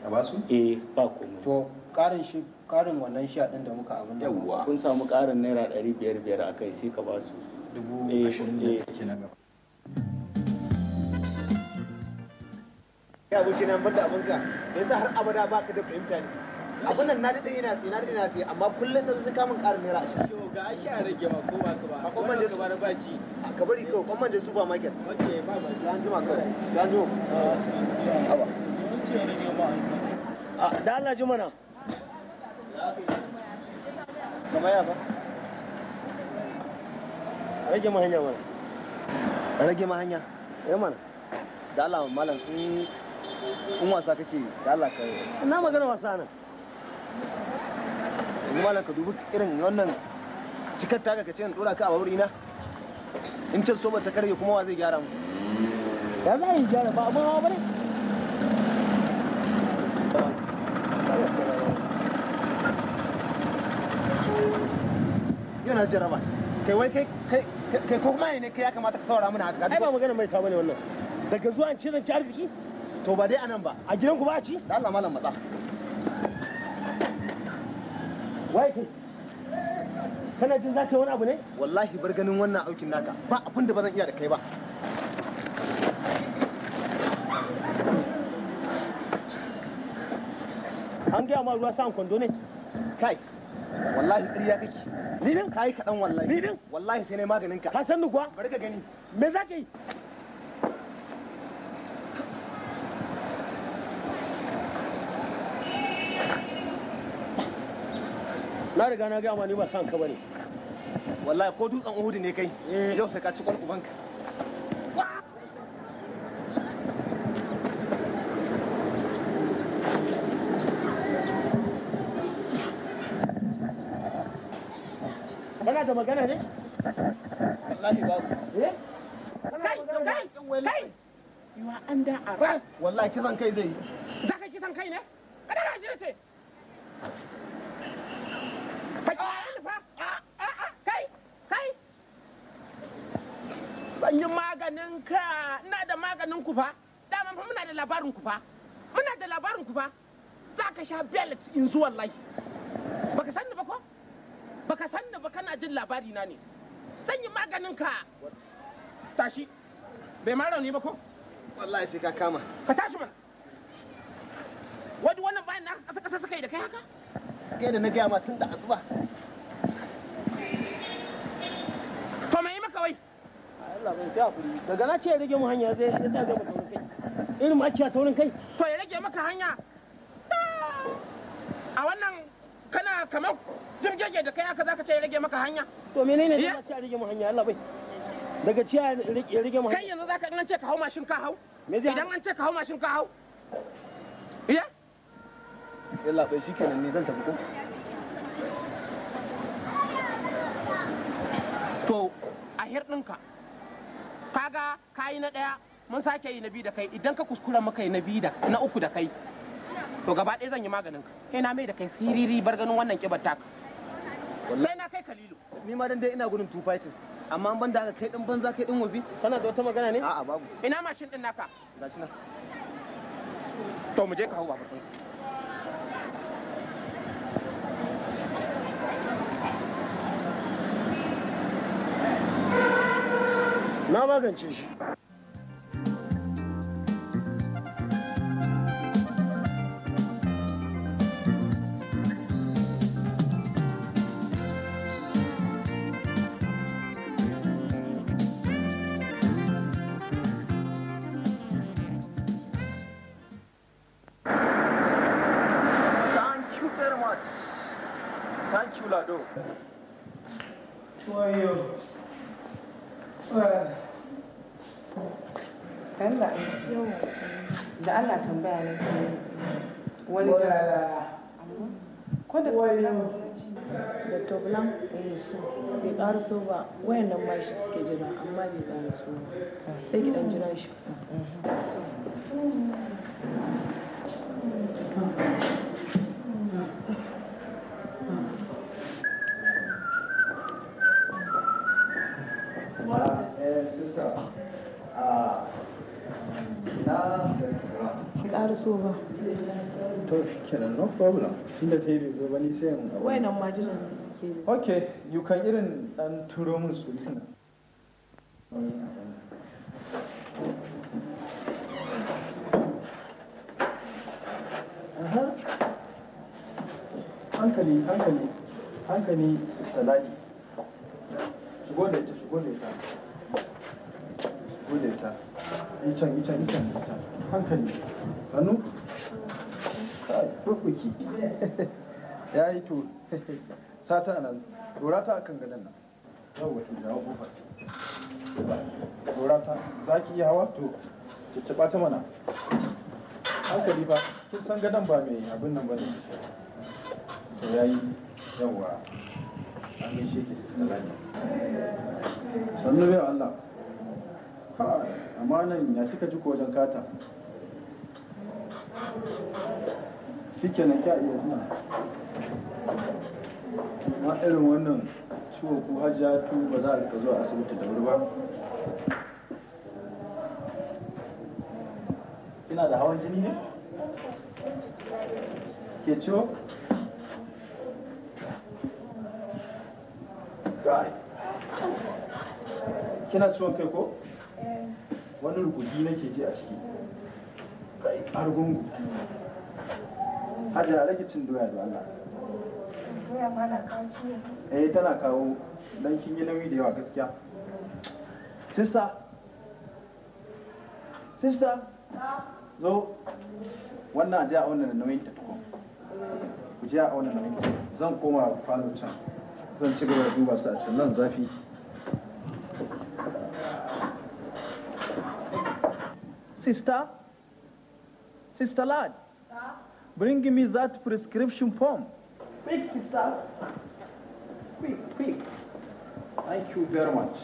ka ba su eh ba komai to karin shi karin wannan sha din da muka abin da yawa kun samu karin naira ɗari biyar biyar a kai sai ka ba su dubu eh, eh. ashirin da kake na gaba ya wuce nan banda abinka yanzu har abada baka da fahimta ne abin nan na daɗe yana tsaye na daɗe amma kullum da zuka min ƙarin naira ashirin. ga a rage ba ko ba ka ba. su ba ba a ka bari kawai su ba market. ok ba ba kawai a ah, ah, da Allah ji mana. kamar ya ba. a rage ma hanya mana. a rage ma hanya. ya eh mana. da Allah malam in wasa kake da Allah ka. na magana wasa nan. yanzu malam ka dubi irin wannan cikar ta ka ce dora ka a babur ina. in ce so ta karye kuma wa zai gyara mu ya za a yi gyara ba abin hawa bane yana jaraba kai wai kai kai ko kuma ne kai ya kamata ka saurara mana haka ai ba magana mai ta ne wannan daga zuwa an ce zan ci arziki to ba dai anan ba a gidan ku ba a ci da Allah malam matsa wai kai kana jin zaka wani abu ne wallahi bar ganin wannan aukin naka ba abin da ba zan iya da kai ba an gaya ma ruwa sa kwando ne kai wallahi ya kake ni din kai kaɗan wallahi ni din wallahi sai ne maganin ka ka san ni kuwa bari ka gani me za ka yi na riga na gaya ma ni ba san ka bane wallahi ko dutsen uhudu ne kai eh. yau sai ka ci kwan ubanka Kana da magana ne? Wallahi babu. Eh? Kai, kai, kai! an a Wallahi kisan kai zai yi. Za ka kisan kai ne? Kada ka shirce. zan yi maganin ka ina da maganin ku fa dama fa muna da labarin ku fa muna da labarin ku fa za ka sha belt in zuwa lai. baka san ni ba ko baka san ni ba kana jin labari na ne zan yi maganin ka tashi bai ma rauni ba ko wallahi sai ka kama ka tashi mana wani wannan bayan na kasa kasa suka yi da kai haka kai da na gaya ma tun da asuba Allah bai sai hakuri daga na ce ya rage mu hanya zai ya zai mu taurin kai irin ma ciya taurin kai to ya rage maka hanya a wannan kana kamar jirgege da kai aka zaka ce ya rage maka hanya to menene ne eh? ma ya rage mu hanya Allah bai daga ciya ya rage mu hanya kai yanzu zaka in ce ka hau mashin ka hau idan an ce ka hau mashin ka hau iya eh? yalla bai shikenan ne zan tafi ko to a hirɗinka kaga kayi na ɗaya mun sake yi na biyu da kai idan ka kuskura maka yi na biyu da na uku da kai to gaba ɗaya zan yi maganin ka kai na mai da kai siriri bar ganin wannan kibar taka sai na kai kalilu ni ma dan dai ina gudun two fighting amma ban da kai din banza kai din wofi. kana da wata magana ne a'a babu ina mashin din naka gashi na? to mu je ka hau babur ɗin não Cantinge. ƙara so ba wayan nan ma shi suke jira amma bai ƙara so ba sai ki dan jira shi ba. To kenan no problem. Tunda sai bai zo ba ni sai yin Wai nan majinan okay you can irin dan turo mun su hankali hankali hankali shigo da ita shigo da ita shigo da ita hankali hannu kai ya yi to sata nan dora ta akan gadon nan yau wato jawo kofar dora ta za ki iya hawa to cicciɓa ta mana hankali ba kin san gadon ba mai abin nan ba ne to yi yawa an gaishe ki salami sannu bai Allah ka amma nan ya kika ji ko wajen kata shikenan kya iya suna. ma irin wannan ciwo ko hajjatu ba za a rika zuwa asibiti da wuri ba kina da hawan jini ne ke ciwo kina ciwon kai ko eh. wani rukuki nake ji a ciki kai argungu hajjara rage cin doya da Allah eh tana kawo dan kin yi nauyi da yawa gaskiya sista sista zo wannan a ji a wannan nauyin ta tukun ku je a wannan nauyin zan koma falo can zan ci gaba da duba su a can nan zafi Sister? Sister Lad? Bring me that prescription form. Make it stop. Quick, quick. Thank you very much.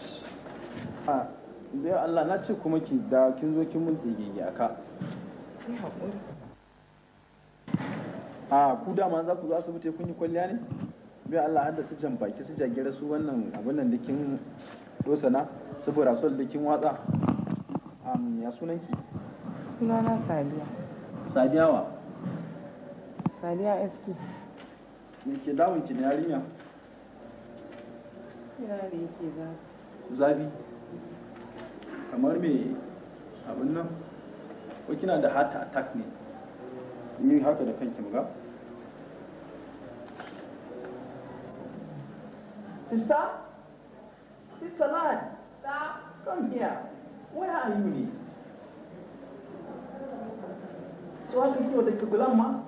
Ah, dai Allah na ce kuma ki da kin zo kin mun tsige aka. Ki haƙuri. Ah, ku man za ku zo asibiti kun yi kwalliya ne? Bi Allah hadda da su jan su jagira su wannan abin nan da kin dosana saboda sol da kin watsa. Am ya sunan ki? Sunana Sadiya. Sadiya wa? Sadiya SK. me ke damun ki ne yarinya zabi kamar me abin nan ko kina da heart attack ne ni haka da kanki muga sista sista lad ta come here where are you ne so haka kiwo da kigulan ma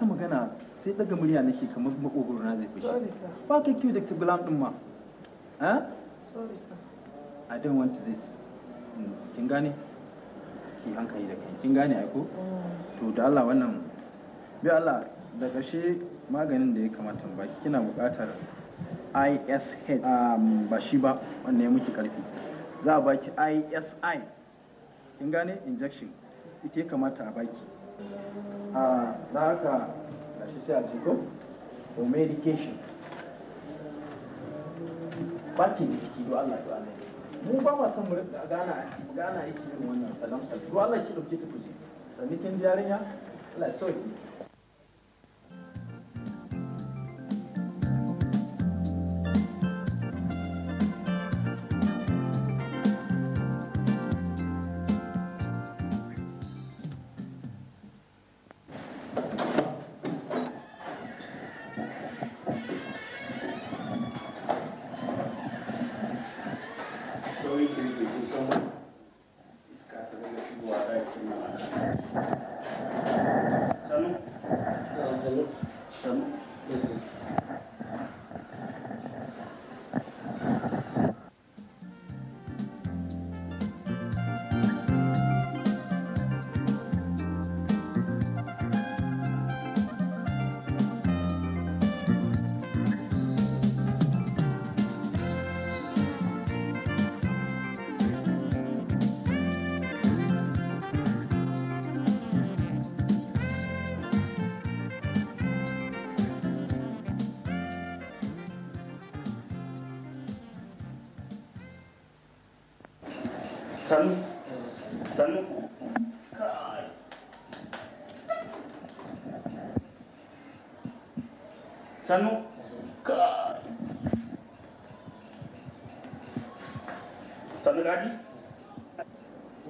ta magana sai daga murya nake kamar makogoro na zai fushi ba ka kiwo dr gulam din ma ha i don't want this hmm, kin gane ki hankali da kai kin gane aiko oh. to da Allah wannan bi Allah da gashi maganin da ya kamata ba kina buƙatar ISH um, ba shi ba wanda ya miki ƙarfi za a baki ISI kin gane injection ita ya kamata a baki ah, a za ka ake ce medication da ciki Allah do Allah mu ba ma san mu gana gana yake yin wannan salam salam do Allah ki dauke ta kuji kin jarinya Allah ya sauke gadi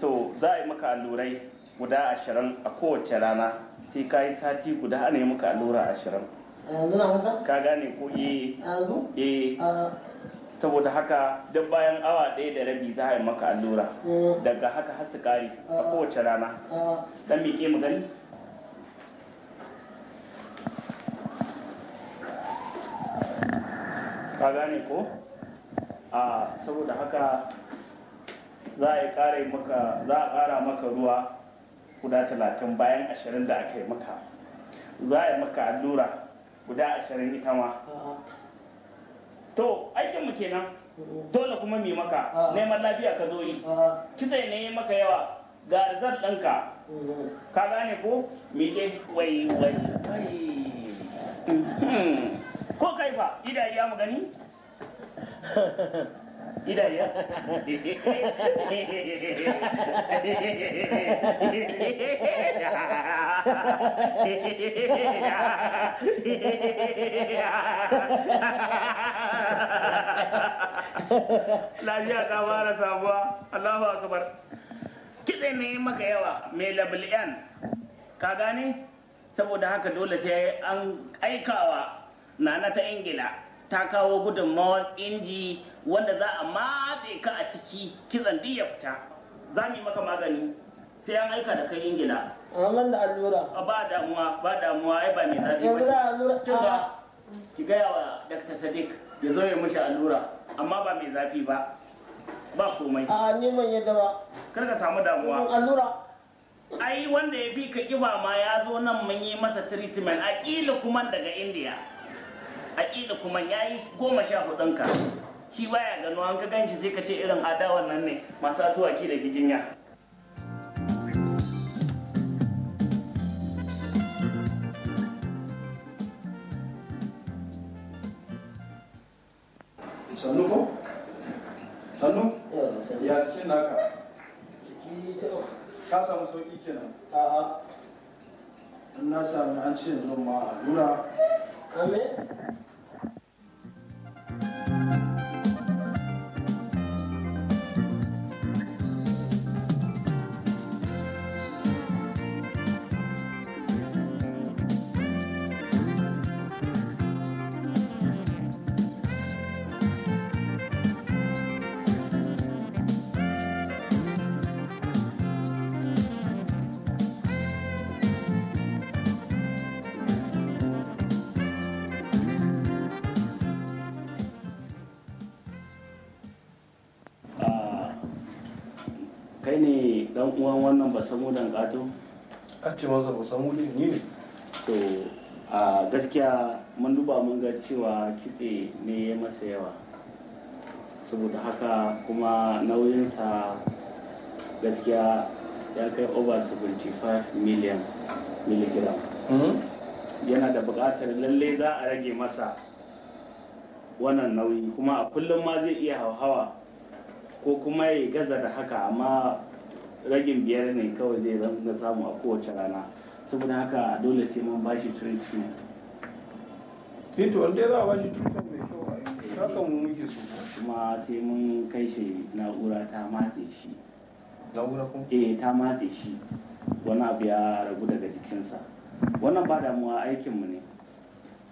to za a yi maka allurai guda ashirin a kowace rana sai ka yi sati guda ana yi maka allura ashirin ka gane ko eh, eh. saboda haka duk bayan awa ɗaya da rabi za a yi maka allura eh. daga haka har su kare a ah. kowace rana ah. dan miƙe mu gani ka gane ko a ah, saboda haka za a kare maka za a kara maka ruwa guda talatin bayan ashirin da aka yi maka za a yi maka allura guda ashirin ita ma to aikinmu kenan dole kuma mai maka neman lafiya ka zo yi kitse ne maka yawa ga rizal ɗanka ka gane ko mike wai wai hmm. ko kai idan ya mu gani Ida ya. Lafiya ta fara sabuwa, Allahu akbar. Kitse ne maka yawa mai labil'an, ka gane? Saboda haka dole sai an aikawa nana ta Ingila. ta kawo gudunmawar inji wanda za a matse ka a ciki kitsan duk ya fita za mu yi maka magani sai an aika da kai ingila an da allura ba damuwa ba damuwa ai ba mai zafi ba yanzu ba ah. ki gaya wa dr sadiq ya zo ya mushi allura amma ba mai zafi ba ba komai a ah, ni yadda ba kar ka samu damuwa allura ai wanda ya fi ka kiba ma ya zo nan mun yi masa treatment a kila kuma daga india aƙila kuma ya yi goma sha ka shi baya gano an ka ganshi sai ka ce irin adawan nan ne masu asuwaki da gijinya sannu ko? sannu? ya cikin naka ka samu sauƙi kenan a'a na samu an ce nan ma lura Amen dan kato a ce masa ba samu ne ne to a gaskiya mun duba mun ga cewa kitse ne ya masa yawa saboda haka kuma nauyinsa gaskiya ya kai over 75 million milligram hmm? yana da bukatar lalle za a rage masa wannan nauyi kuma a kullum ma zai iya hauhawa ko kuma ya gaza da haka amma ragin biyar ne kawai zai zama samu a kowace rana saboda haka dole sai mun bashi treatment sai eh to wanda za a bashi treatment mai kyau kan mu muke su. kuma sai mun kai shi na'ura ta matse shi na'ura kuma eh ta matse shi wani abu ya ragu daga jikinsa wannan ba damuwa aikinmu ne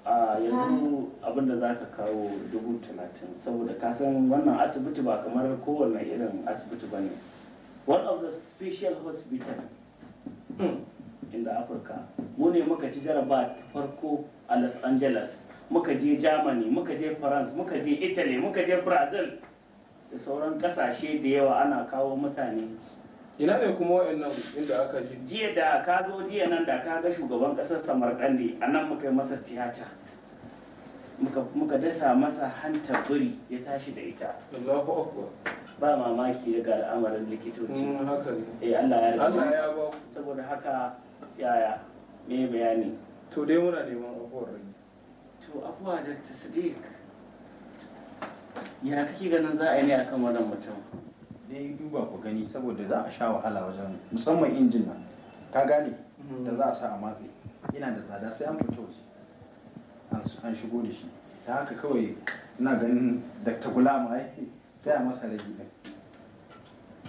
a yanzu da za ka kawo dubu talatin saboda kasan wannan asibiti ba kamar kowane irin asibiti ba ne one of the special hospital hmm, in the africa mu ne muka ci jaraba ta farko a los angeles muka je germany muka je france muka je italy muka je brazil da sauran kasashe da yawa ana kawo mutane ina ne kuma nan inda aka ji jiya da ka zo jiya nan da ka ga shugaban kasar samarkandi a nan muka yi masa tiyata muka dasa masa hanta biri ya tashi da ita ba mamaki daga al'amarin likitoci mm, eh Allah ya riga saboda haka yaya me bayani to dai muna neman afuwar rai to afuwa da sadiq. ya kake ganin za a yi ne akan wannan mutum dai duba ku gani saboda za a sha wahala wajen musamman injin nan ka gane mm. da za a sa a matse yana da tsada sai an fito shi an shigo da shi ta haka kawai na ganin da ta gulama ya ce sai masa rage ɗin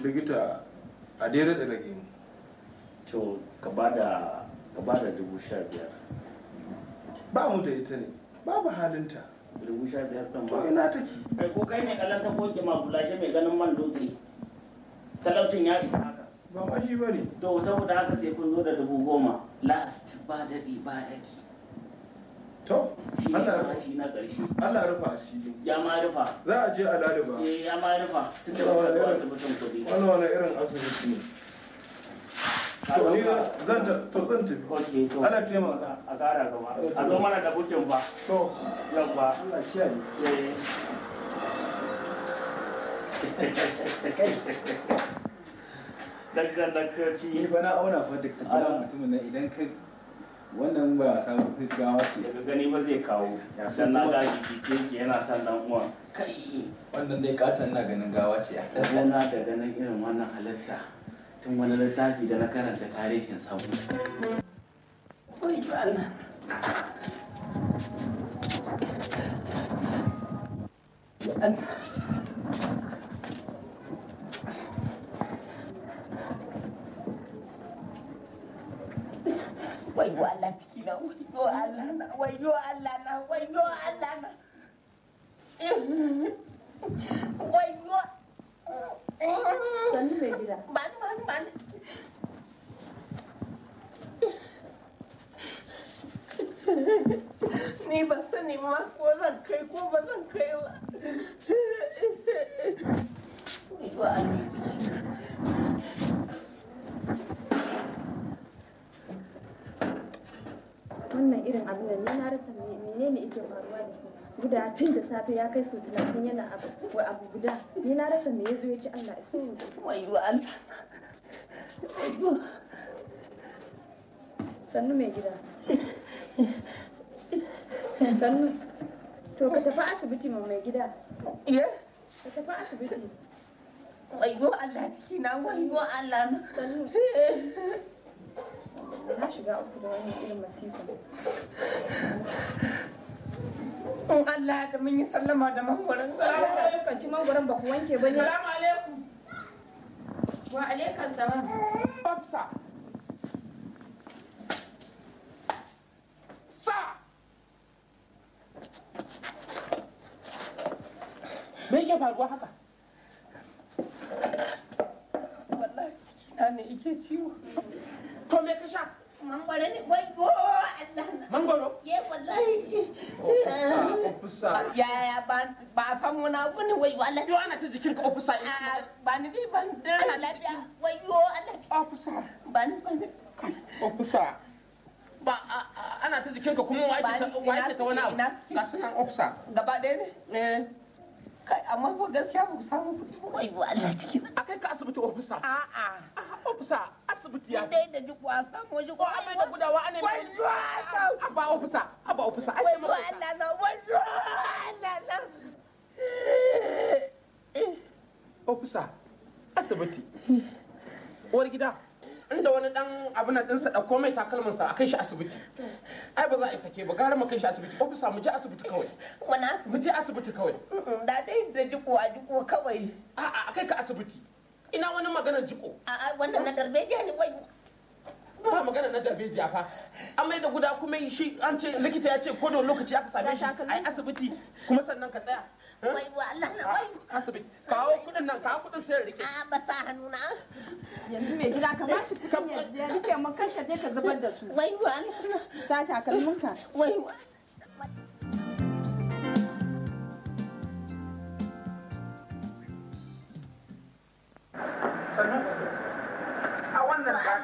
likita a daidai da rage mu to ka ba da dubu sha biyar ba mu da ita ne babu halinta dubu sha biyar ɗin ba ina ki kai ko kai ne kallon ko koke ma bulashe mai ganin man dutse talautin ya isa haka ba ma shi ba ne to saboda haka sai kun zo da dubu goma last ba daɗi ba daɗi to Allah shi na ƙarshe Allah rufa asiri ya ma rufa za a je a laliba eh ya ma rufa tun da ba ka asibitin kuɗi wani irin asibiti ne to ni zan to zan tafi to a ƙara gaba a zo mana da bukin fa to Allah shi eh ci ni auna fa mutumin nan idan ka wannan ba kawo gaggawa ce daga gani ba zai kawo dan na ga jike ke yana san dan uwa. kai wannan dai katan na ganin gawa ce dan na da ganin irin wannan halatta tun wani littafi da na karanta tarihin sabu waigo Allah na waigo Allah na waigo Allah na waigo Allah na waigo Sanu mai gida. Bani bani bani. Ni ba sani ma ko zan kai ko ba zan kai ba. Waigo Allah. wannan irin abin da ni na rasa menene ike faruwa da shi guda tun da safe ya kai sau talatin yana abu abu guda ni na rasa me zo ya ci Allah ya sani wayo Allah sannu mai gida sannu to ka tafi asibiti ma mai gida ye ka tafi asibiti wayo Allah ciki na wayo Allah sannu eh. na shiga uku da wani irin in Allah ya mun yi sallama da mangwaron ci mangwaron ba ku wanke ba ne salamu alaikum wa alaikum salam me yake faruwa haka wallahi ne ike ciwo to me ka sha mangwaro ne wai ko oh, Allah na mangwaro ye wallahi ofisa ya ya ba ba san muna gune wai wallahi yo ana ta jikin ka ofisa ba ni dai ban da lafiya wai yo Allah ofisa ba ni ban ofisa ba ana ta jikin ka kuma wai ta wai ta wani abu ga sunan ofisa gaba ɗaya ne eh amma ba gaskiya ba ku samu kuɗi wai wallahi cikin akai ka asibiti ofisa a'a ofisa asibiti ya dai da duk wa samu shi ko amai da gudawa ana mai abba ofisa abba ofisa ai mai Allah na wajo Allah na ofisa asibiti uwar gida inda wani dan abin nan dinsa dauko mai takalmin sa akai shi asibiti ai ba za a sake ba gara mu kai shi asibiti ofisa mu je asibiti kawai wani asibiti mu je asibiti kawai da dai da jiko a jiko kawai a'a akai ka asibiti ina wani magana jiko a wannan na darbejiya ne wai ba magana na darbejiya fa amai da guda kuma shi an ce likita ya ce kodon lokaci aka same shi ai asibiti kuma sannan ka tsaya wai wa Allah na wai asibiti kawo kudin nan kawo kudin sai rike a ba sa hannu na yanzu me gida ka bashi kudin ya rike mun kashe dai ka zubar da su wai wa Allah ta takalmin ka wai wa Vượn,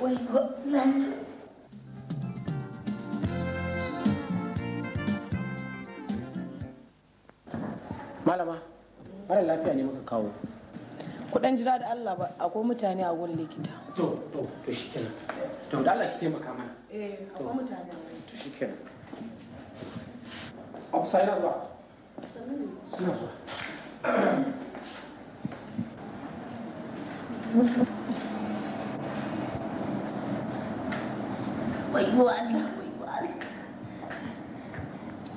quay vượn lên Malama, mara lafiya ne muka kawo. kudin jira da Allah ba akwai mutane a wurin likita to to to shi kenan. to da Allah ki taimaka mana eh akwai mutane to shi kenan. abu sai Allah suna zuwa wayo Allah wai wayo Allah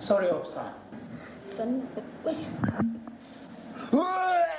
sorry officer Thank wai.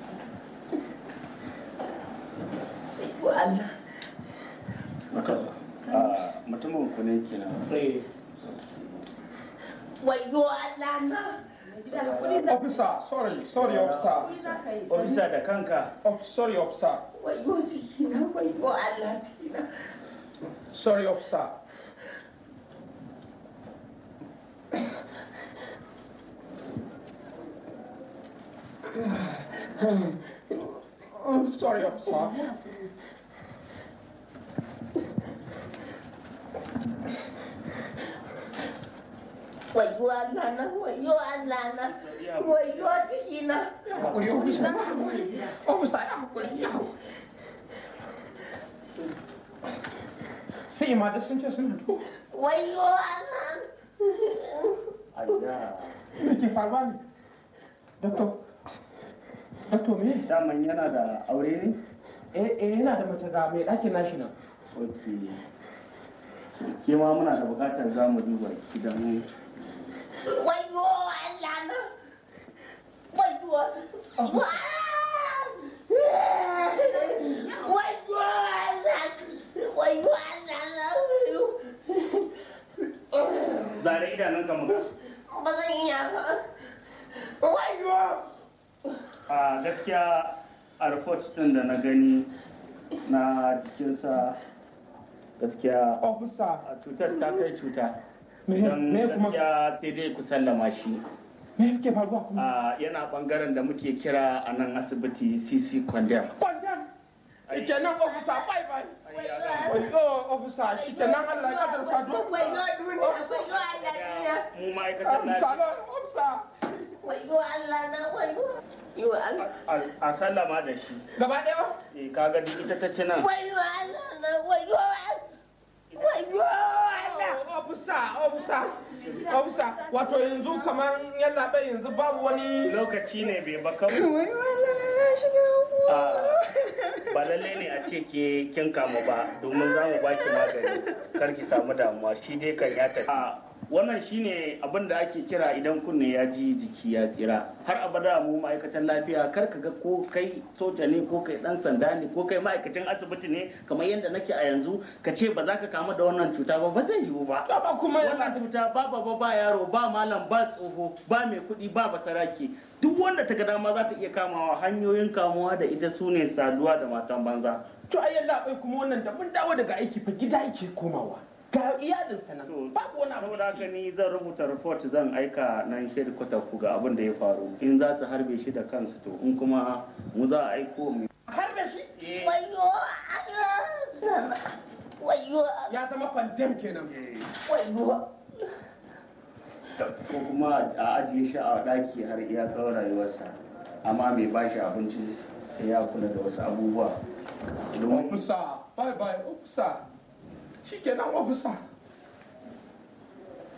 wa Allah mutumin ku ne kenan wayo Allah na Officer, sorry, sorry, officer. Officer da kanka. sorry, officer. Wayo jikina, wayo Allah jikina. Sorry, officer. I'm oh, sorry, I'm sorry. you you you are, are, officer. wayo alana wayo alana wayo atina wayo atina vamos sair wayo sim mas sunt eu sunt tu wayo alana aia ce fac bani doctor Kanto me? Daman yana da aure ne? Eh eh yana da mace ga mai ɗakin nashi nan. Ok. Ke ma muna da buƙatar za mu duba gidan mu. Wayo Allah na. Wayo. Allah. Zare idanunka mu ga. Ba zan iya ba. Wayo. a gaskiya a report din da na gani na jikinsa gaskiya a cutar ta kai cuta idan gaskiya sai dai ku sallama shi me yake faruwa kuma yana bangaren da muke kira a nan asibiti cc condemn bai bai ofisa allah ya duk duniya allah duniya mu lafiya ofisa wayo Allah na wayo a sallama da shi gaba ɗaya ba eh kaga duk ita ta ci nan wayo Allah na wayo wayo Allah ofisa ofisa ofisa wato yanzu kamar yana bai yanzu babu wani lokaci ne bai ba kawai wayo Allah na shiga ba lalle ne a ce ke kin kamu ba domin za mu ba ki magani kar ki samu damuwa shi dai kan ya tafi wannan shine abin da ake kira idan kunne ya ji jiki ya tsira har abada mu ma'aikatan lafiya kar ka ga ko kai soja ne ko kai dan sanda ne ko kai ma'aikacin asibiti ne kamar yadda nake a yanzu ka ce ba za ka kamu da wannan cuta ba ba zai yiwu ba kuma wannan cuta ba baba ba yaro ba malam ba tsoho ba mai kuɗi ba basaraki duk wanda ta ga dama za ta iya kamawa hanyoyin kamuwa da ita su ne saduwa da matan banza to ayyan akwai kuma wannan da mun dawo daga aiki fa gida yake komawa ga iyalinsa nan babu wani abu da ka ni zan rubuta report zan aika nan shedkwata ku ga abin da ya faru in za su harbe shi da kansu to in kuma mu za a aiko mu harbe shi wayo eh. wayo ya zama condemn kenan eh. wayo ko kuma a ajiye shi a daki har iya tsawon rayuwarsa amma mai bashi abinci sai ya kula da wasu abubuwa. Ofisa, bye bye, ofisa. shikenan officer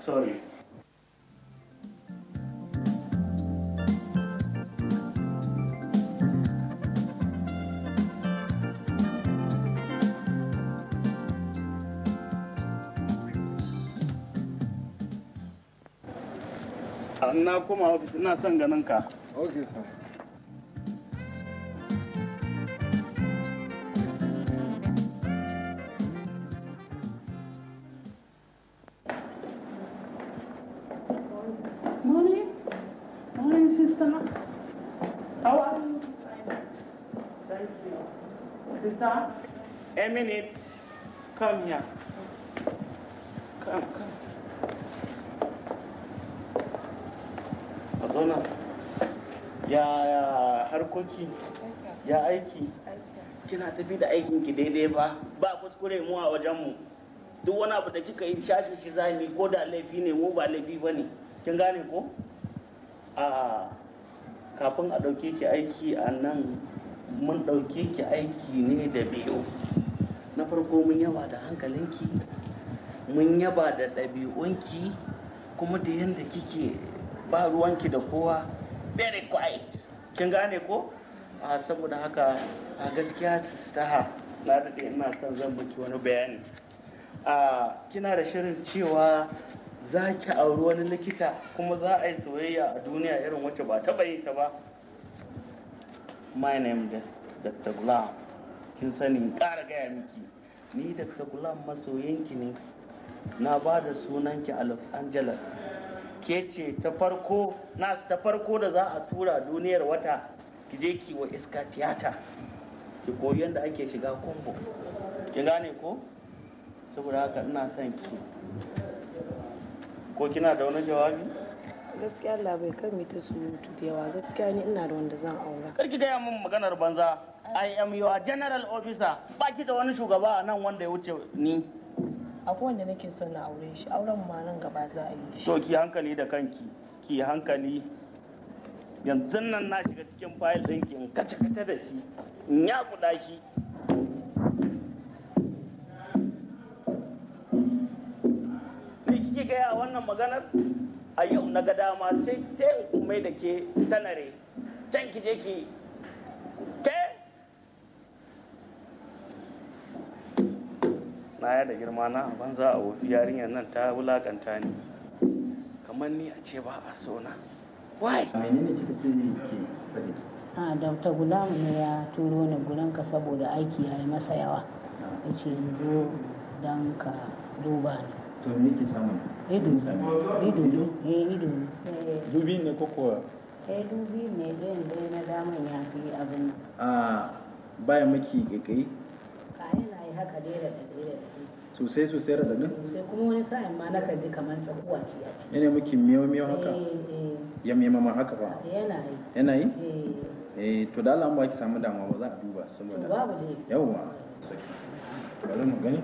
sorry ah, na koma ofis ina son ganin ka. okay sir. minutes. Come here. Come, come. Azona. Ya harkoki. Ya aiki. Kina tafi da aikin ki daidai ba. Ba kuskure mu a wajen mu. Duk wani abu da kika yi shafi shi zani ko da laifi ne mu ba laifi bane. Kin gane ko? A kafin a ɗauke ki aiki a nan mun ɗauke ki aiki ne da biyu. na farko mun yaba da hankalinki mun yaba da ɗabi'unki kuma da yadda kike ba ruwanki da kowa very quiet kin gane ko a saboda haka a gaskiya ta staha na daɗe ina son zan baki wani bayani a kina da shirin cewa za ki auri wani likita kuma za a yi soyayya a duniya irin wacce ba taɓa yi ta ba my name is dr gulam cikin sani ƙara gaya miki ni da gulam masoyinki ne na ba da sunanki a los angeles ke ce ta farko na ta farko da za a tura duniyar wata ki je ki wa iska tiyata ki koyi yadda ake shiga kumbo ki gane ko saboda haka ina son ki ko kina da wani jawabi gaskiya labai kan mita surutu da yawa gaskiya ni ina da wanda zan aura karki gaya min maganar banza I am your general officer ba ki da wani shugaba a nan wanda ya wuce ni akwai wanda nake son na aure shi auren ma nan gaba za a yi shi to ki hankali da kanki ki hankali yanzu nan na shiga cikin fayil ɗinki in kace kace da shi in ya kuɗa shi ni kike gaya wannan maganar a yau na ga dama sai sai in kumai da ke tanare can ki je ki ke na ya da girma na a banza a wofi yarinyar nan ta wulakanta ni kamar ni a ce ba a so na why menene kika ke faɗi a dauta Gulam ne ya turo ni gurin ka saboda aiki ya yi masa yawa yace in zo dan ka duba ni to me yake samun ido ido eh ido dubi ne ko kuwa eh dubi ne dai na daman ya fi abin a ah, baya maki gaggai sosai sosai da dai sai kuma wani sa'in ma na kamar tsakuwa ce a ciki yana miki miyau miyau haka eh, eh. ma haka ba eh, yana yi yana yi to da Allah ba ki samu damuwa ba za a duba saboda yawa gani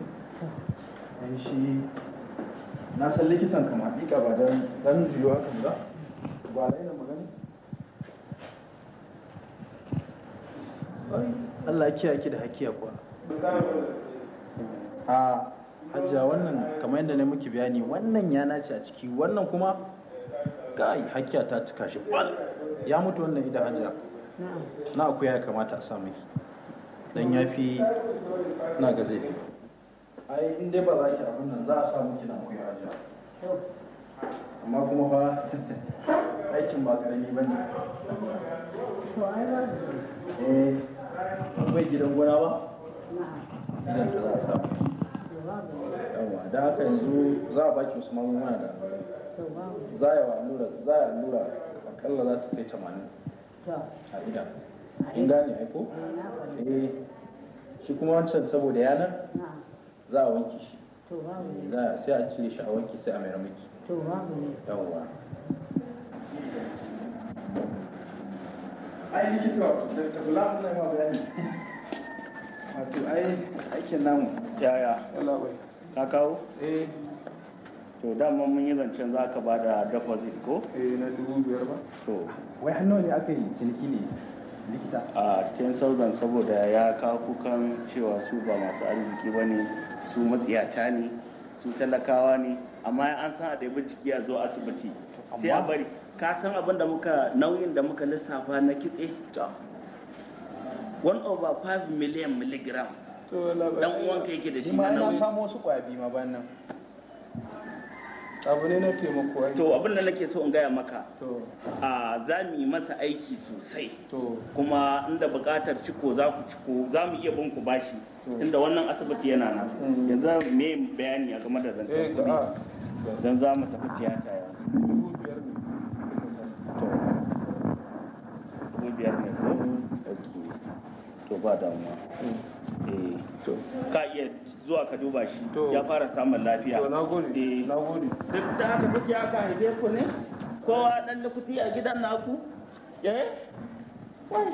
Allah ya kiyaye ki da hakiya kuwa a hajja wannan kamar yadda na muke bayani wannan ya nace a ciki wannan kuma kai hakkiya ta cika shi ya mutu wannan idan hajja na akuya ya kamata a samu dan ya fi na ga zai fi ai in dai ba za ki abin nan za a sa na kina ya hajja amma kuma fa aikin ba karami ba ne eh akwai gidan gona ba idan ta za a yawa da haka yanzu za a baki wasu magunguna da za a allura za a allura akalla za ta kai tamanin a idan in gane aiko eh, eh shi kuma wancan saboda yanar za a wanke shi za a sai a cire shi a wanke sai a mai ramaki. yawwa ai likita da kula suna ma bayani wato ai aikin namu yaya ka kawo eh. to dama mun yi zancen za ka ba da deposit ko eh na dubu biyar ba to wai hannu ne aka yi ciniki ne likita a ten thousand saboda ya kawo kukan cewa su ba masu arziki ba ne su matsiyata ne su talakawa ne amma an san a ɗaya jiki a zo asibiti sai a bari ka san abin da muka nauyin da muka lissafa na kitse one over five million milligram dan uwan ka yake da shi na nauyi samu wasu kwabi ma ban nan abu ne na taimako to abin da nake so in gaya maka a za mu yi masa aiki sosai kuma inda bukatar ciko za ku ciko za mu iya banku bashi inda wannan asibiti yana nan mm. yanzu me bayani a game da zancen eh, kuɗi don za mu tafi tiyata ya biyar ne ko mm. to ba damuwa hmm. eh, to ka iya zuwa ka duba shi ya fara samun lafiya to na eh. na nagode duk da haka kuke aka haife ku ne kowa dan lukuti a gidan naku eh wai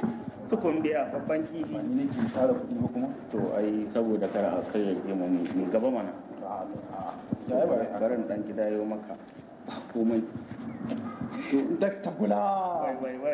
tukun biya babban kifi ni nake tsara kuɗi ba kuma to ai saboda kar a kai yake mu ni gaba mana ya ba garin dan gida yau maka ba komai to dakta kula wai wai wai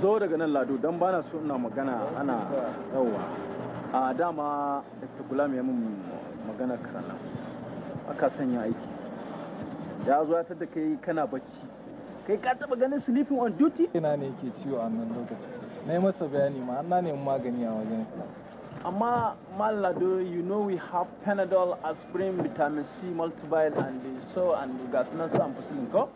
zo daga nan lado don bana na suna magana ana yawa a dama da gulam ya mun magana karana aka sanya aiki ya zo ya da kai kana bacci kai ka taba ganin sleeping on duty ina ne ke ciwo a nan lokacin na yi masa bayani ma na ne magani a wajen amma malado you know we have panadol aspirin vitamin c multivitamin and so and gas nan su amfasilin ko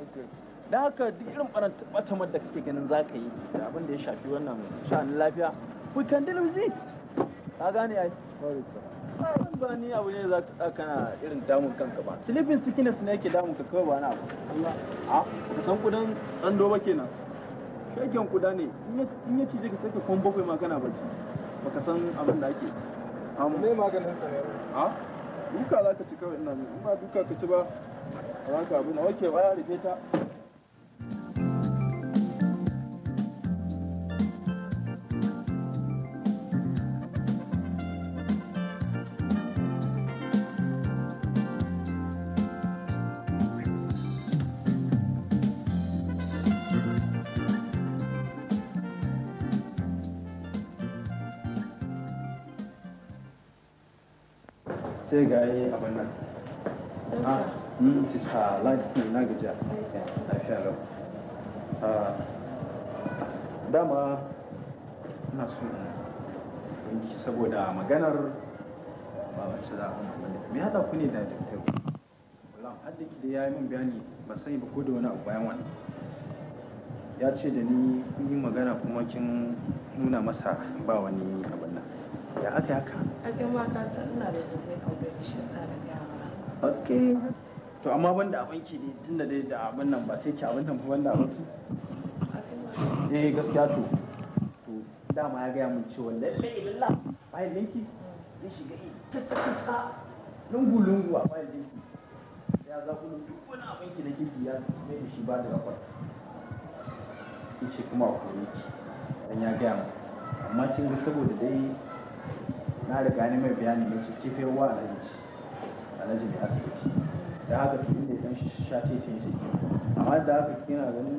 okay. da haka duk irin ɓatamar da kake ganin za ka yi da abin da ya shafi wannan sha'anin lafiya we can deal with it ka gane ai ba ni abu ne za ka na irin damun kanka ba sleeping sickness ne yake damun ka kawai ba na abu a ka san kudan ɗan doba kenan shaken kuda ne in ya cije ka sai ka kwan bakwai ma kana bacci san abin da ake amma maganin sa ne a duka za ka ci kawai ina in ba duka ka ci ba za ka abin da wake ba ya rufe ta sai ga yi abin nan a ah, hmm, it is her ah, hmm, na in Nagaja. Lafiya lau. Ah, dama ina so yanki saboda maganar ba wacce za a wani Me haɗa ku ne da daktar? Kulam, har da ki da ya yi min bayani ba sai ba ko da wani abu bayan wani. Ya ce da ni kun yi magana kuma kin nuna masa ba wani abu ya aka haka a kai ina da zai aure da shi sa da gama to amma da abin ki ne da dai da abin nan ba sai ki abin nan banda abin ki eh gaskiya to to dama ya gaya cewa bayan linki zai shiga yi lungu lungu a bayan linki ya za ku duk wani abin ki na kirki ya mai da shi ba da in ce kuma a kone ki dan ya gaya mun amma kin ga saboda dai na riga ne mai bayani ne ce kife wa alaji alaji ne asibiti da haka tun da kan shi sha kefe shi amma da haka kina ganin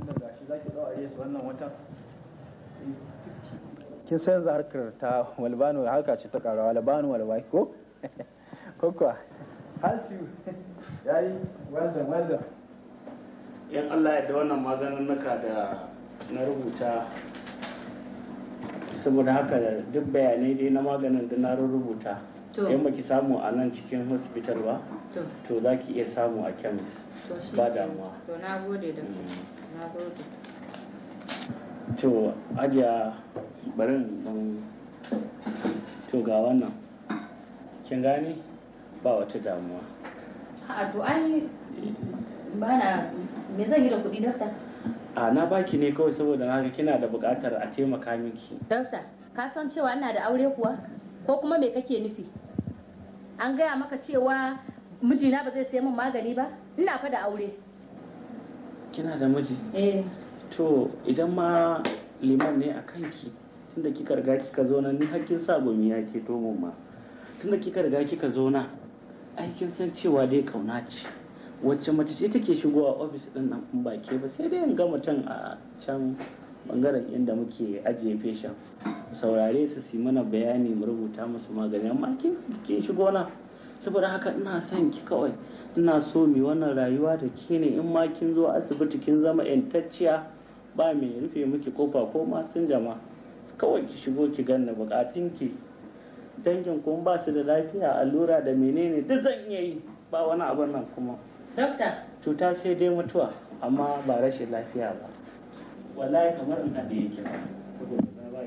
inda gashi zaki dawo a yesu wannan watan kin san yanzu harkar ta walbanu harka ce ta karawa walbanu walbai ko ko kuwa har su yayi weldan weldan in Allah ya da wannan maganin naka da na rubuta saboda haka duk bayanai dai na maganin da na rubuta in ki samu a nan cikin hospital ba to za ki iya samu a chemist ba damuwa to na gode da mm. na gode to ajiya barin dan to ga wannan kin gane ba wata damuwa a to ai ba na me zan yi da kuɗi dakta a na baki ne kawai saboda na kina da buƙatar a taimaka miki dansa ka san cewa ina da aure kuwa ko kuma me kake nufi an gaya maka cewa mijina ba zai sai min magani ba ina fa da aure kina da miji eh to idan ma liman ne a kanki tunda kika riga kika zo nan ni hakkin sa gomi ya ke tomo ma tunda kika riga kika zo na aikin san cewa dai kauna ce wacce mace ce take shigowa ofis din nan in ba ba sai dai in ga mutum a can bangaren inda muke ajiye fesha saurare su si mana bayani mu rubuta musu magani amma ke shigo na saboda haka ina son ki kawai ina so mi wannan rayuwa da ke ne in ma kin zo asibiti kin zama yantacciya ba mai rufe miki kofa ko ma sun jama kawai ki shigo ki ganna bukatun ki dangin kun ba su da lafiya allura da menene duk zan iya yi ba wani abin nan kuma Dokta. Cuta ce dai mutuwa amma ba rashin lafiya ba. Wallahi kamar in haɗe yake ba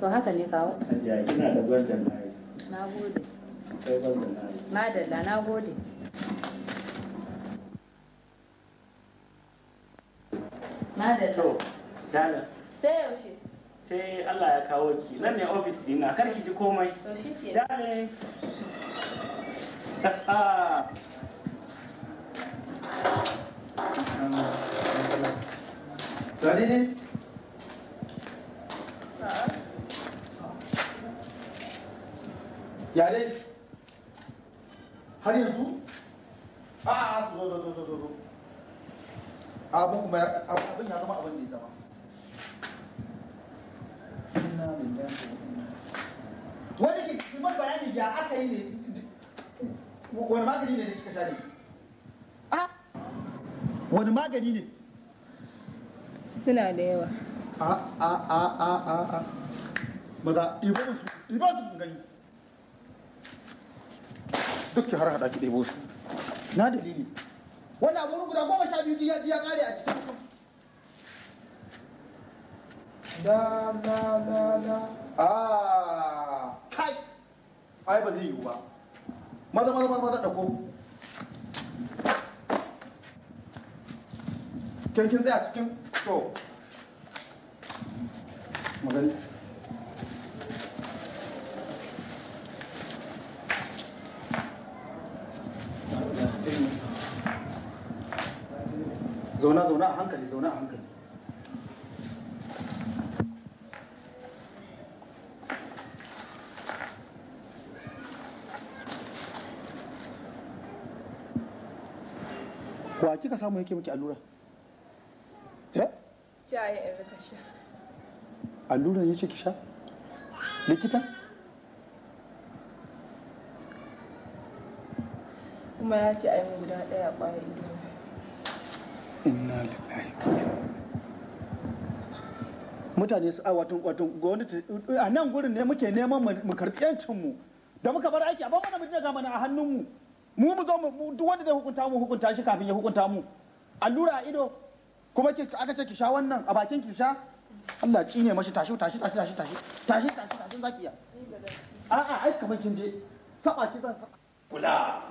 To haka ne kawo. Ya kina da gwardan nayi. Na gode. Madalla na gode. Madalla. Dala. Sai yaushe. Sai Allah ya kawo ki. Nan ne ofis dina kar ki ji komai. To shi ke. Dale. Ready? يا ريت هل يزول؟ آه زو زو زو زو abin kuma abin ya zama abin da ya zama wani ke kuma bayani ya aka yi ne wani magani ne kika sha ne a wani magani ne suna da yawa a a a a a a maza ibo su ibo su gani duk ki har hada ki ibo su na dalili wannan abu guda goma sha biyu ya kare a cikin da da da da ah kai ai ba zai yiwu ba maza maza maza ɗauko zai a cikin to magani zauna zauna a hankali zauna a hankali kika samu yake miki allura eh jaye in rika sha allura yace ki sha likita kuma ya ce ai mun guda daya kwaya ido inna lillahi mutane su awatun kwatun gwamnati a nan gurin ne muke neman mu karɓi yancin mu da muka bar aiki a ba mana mu ga mana a hannun mu mu mu zo mu duk wanda zai hukunta mu hukunta shi kafin ya hukunta mu allura a ido kuma ke aka ce ki sha wannan a bakin ki sha Allah ci ne mashi tashi tashi tashi tashi tashi tashi tashi tashi zaki a a ai kamar kin je saba ki zan saba kula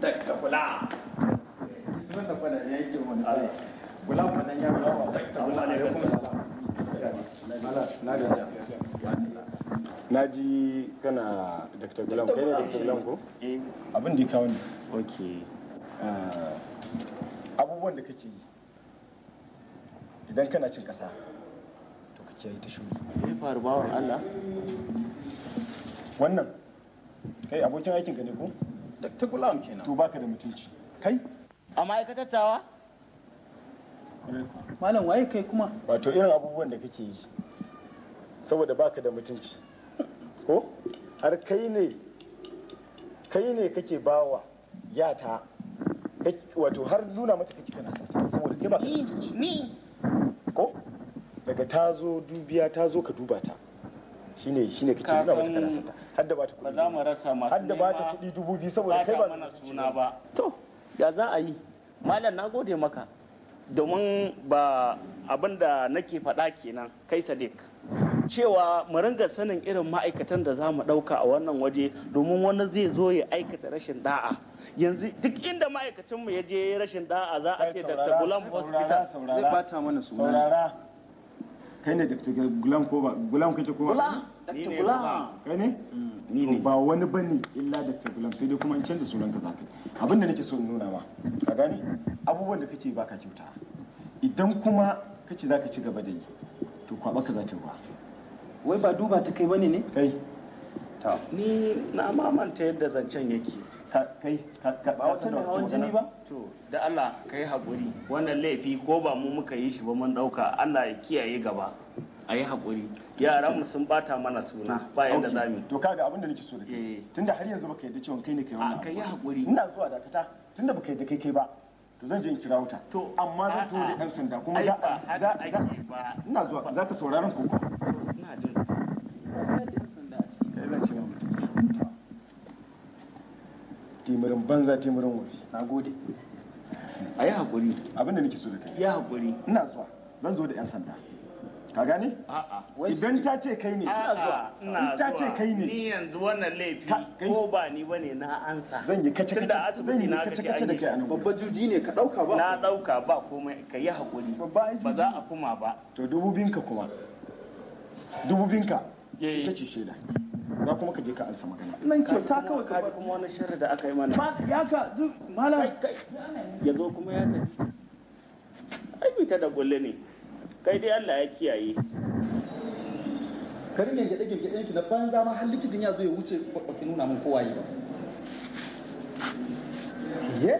dakka kula wannan kula ne yake mun Allah kula kwana ya kula wa dakka kula alaikum salam na ji kana dr gulam kai ne dr gulam ko eh. abin da kawo ne ok ah, abubuwan da kake yi idan kana cin kasa to ka yi ta shuri ya faru bawon allah wannan kai abokin aikin ka ne ko dr gulam kenan to baka da mutunci kai a ma'aikatar tawa malam waye kai kuma wato irin abubuwan da kake yi saboda baka da mutunci ko har kai ne kai ne kake bawa yata wato har nuna mata kake kana saboda kai baka ka mutunci ni ko daga ta zo dubiya ta zo ka duba ta shine shine kake nuna mata kana sata har da ta kuɗi ba za mu rasa masu har da ta kuɗi dubu biyu saboda kai ba mana suna ba to ya za a yi malam na gode maka domin ba abin da nake faɗa kenan kai sadiq cewa mu ringa sanin irin ma'aikatan da za mu ɗauka a wannan waje domin wani zai zo ya aikata rashin da'a yanzu duk inda ma'aikacinmu ya je rashin da'a za a ce da gulam hospital zai bata mana suna kai ne da gulam ko ba gulam kake ko Dr. Gulam. Kai ne? Mm. Ni ne. Ba wani bane illa Dr. Gulam sai dai kuma in canza sunanka za ka Abin da nake so in nuna ma, ka gane? Abubuwan da kake baka kyauta. Idan kuma kace za ka ci gaba da yi, to kwaba ka zata ta ruwa. Wai ba duba ta kai bane ne? Kai. Ta. Ni na mamanta yadda zancen yake. kai ka ba wata da hawan jini ba to da Allah kai haƙuri wannan laifi ko ba mu muka yi shi ba mun ɗauka Allah ya kiyaye gaba a yi haƙuri yaran mu sun bata mana suna ba yanda za mu to kaga abin da nake so da kai eh. tunda har yanzu baka yadda cewa kai ne kai wannan kai yi haƙuri ina zuwa da dakata tunda baka yadda kai kai ba to zan je in kira wuta to amma zan to da ɗan sanda kuma za a za a ba ina zuwa za ka sauraron ku ina jin kai zan ce ma mutum timirin banza timirin wofi na gode a yi haƙuri abin da nake so da kai ya haƙuri ina zuwa zan zo da 'yan sanda ka gani? idan ta ce kai ne ta ce kai ne ni yanzu wannan laifi ko ba ni bane na ansa zan yi kace kace azumi na kace kace da kai anan babba juji ne ka dauka ba na dauka ba komai ka yi hakuri ba za a kuma ba to dubu binka kuma dubu binka eh. ita ce shaida za kuma ka je ka ansa magana nan ta kawai ka kuma wani sharri da aka yi mana ba ya ka malam ya zo kuma ya tafi ai ta da gulle ne kai dai Allah ya kiyaye karin yanke dake gidan ki na banza ma har likitin ya zo ya wuce ba ki nuna min kowa yi ba ye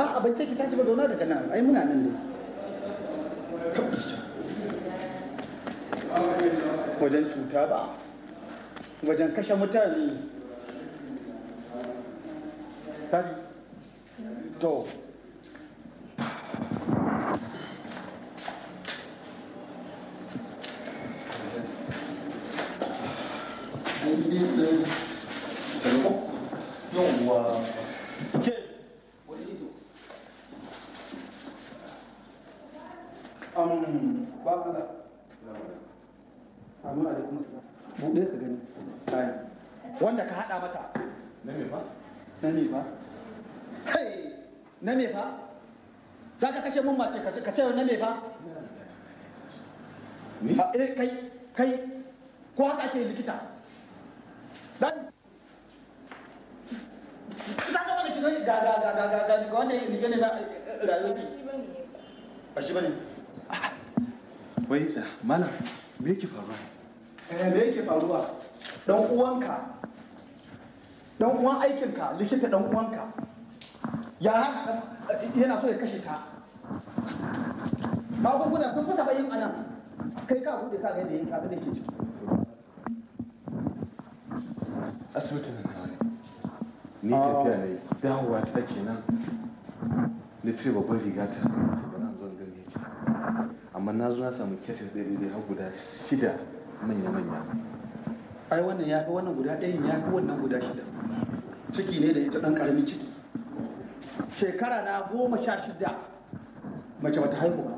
a a bace ki tashi ba zauna daga nan ai muna nan ne wajen cuta ba wajen kashe mutane to na me fa za ka kashe mun mace ka ce na me fa eh kai kai ko haka ake likita dan za ka mana kizo ga ga ga ga ga ga ga wanda yake ne na rayuwa ba shi bane wai isa malam me yake faruwa eh me yake faruwa dan uwanka dan uwan aikinka likita dan uwanka ya yana so ya kashe ta magunguna sun kusa yin anan kai ka bude ka gaida yin abin da ke ciki asibitin nan ne ni ah. tafiya ne dawowa ta kenan na ce babban riga ta nan zan gani yake amma na zuwa samun samu cases ɗaya ɗaya har guda shida manya manya ai wannan ya fi wannan guda ɗayan ya fi wannan guda shida ciki ne da ita ɗan ƙaramin ciki shekara na goma sha shida mace bata haihu ba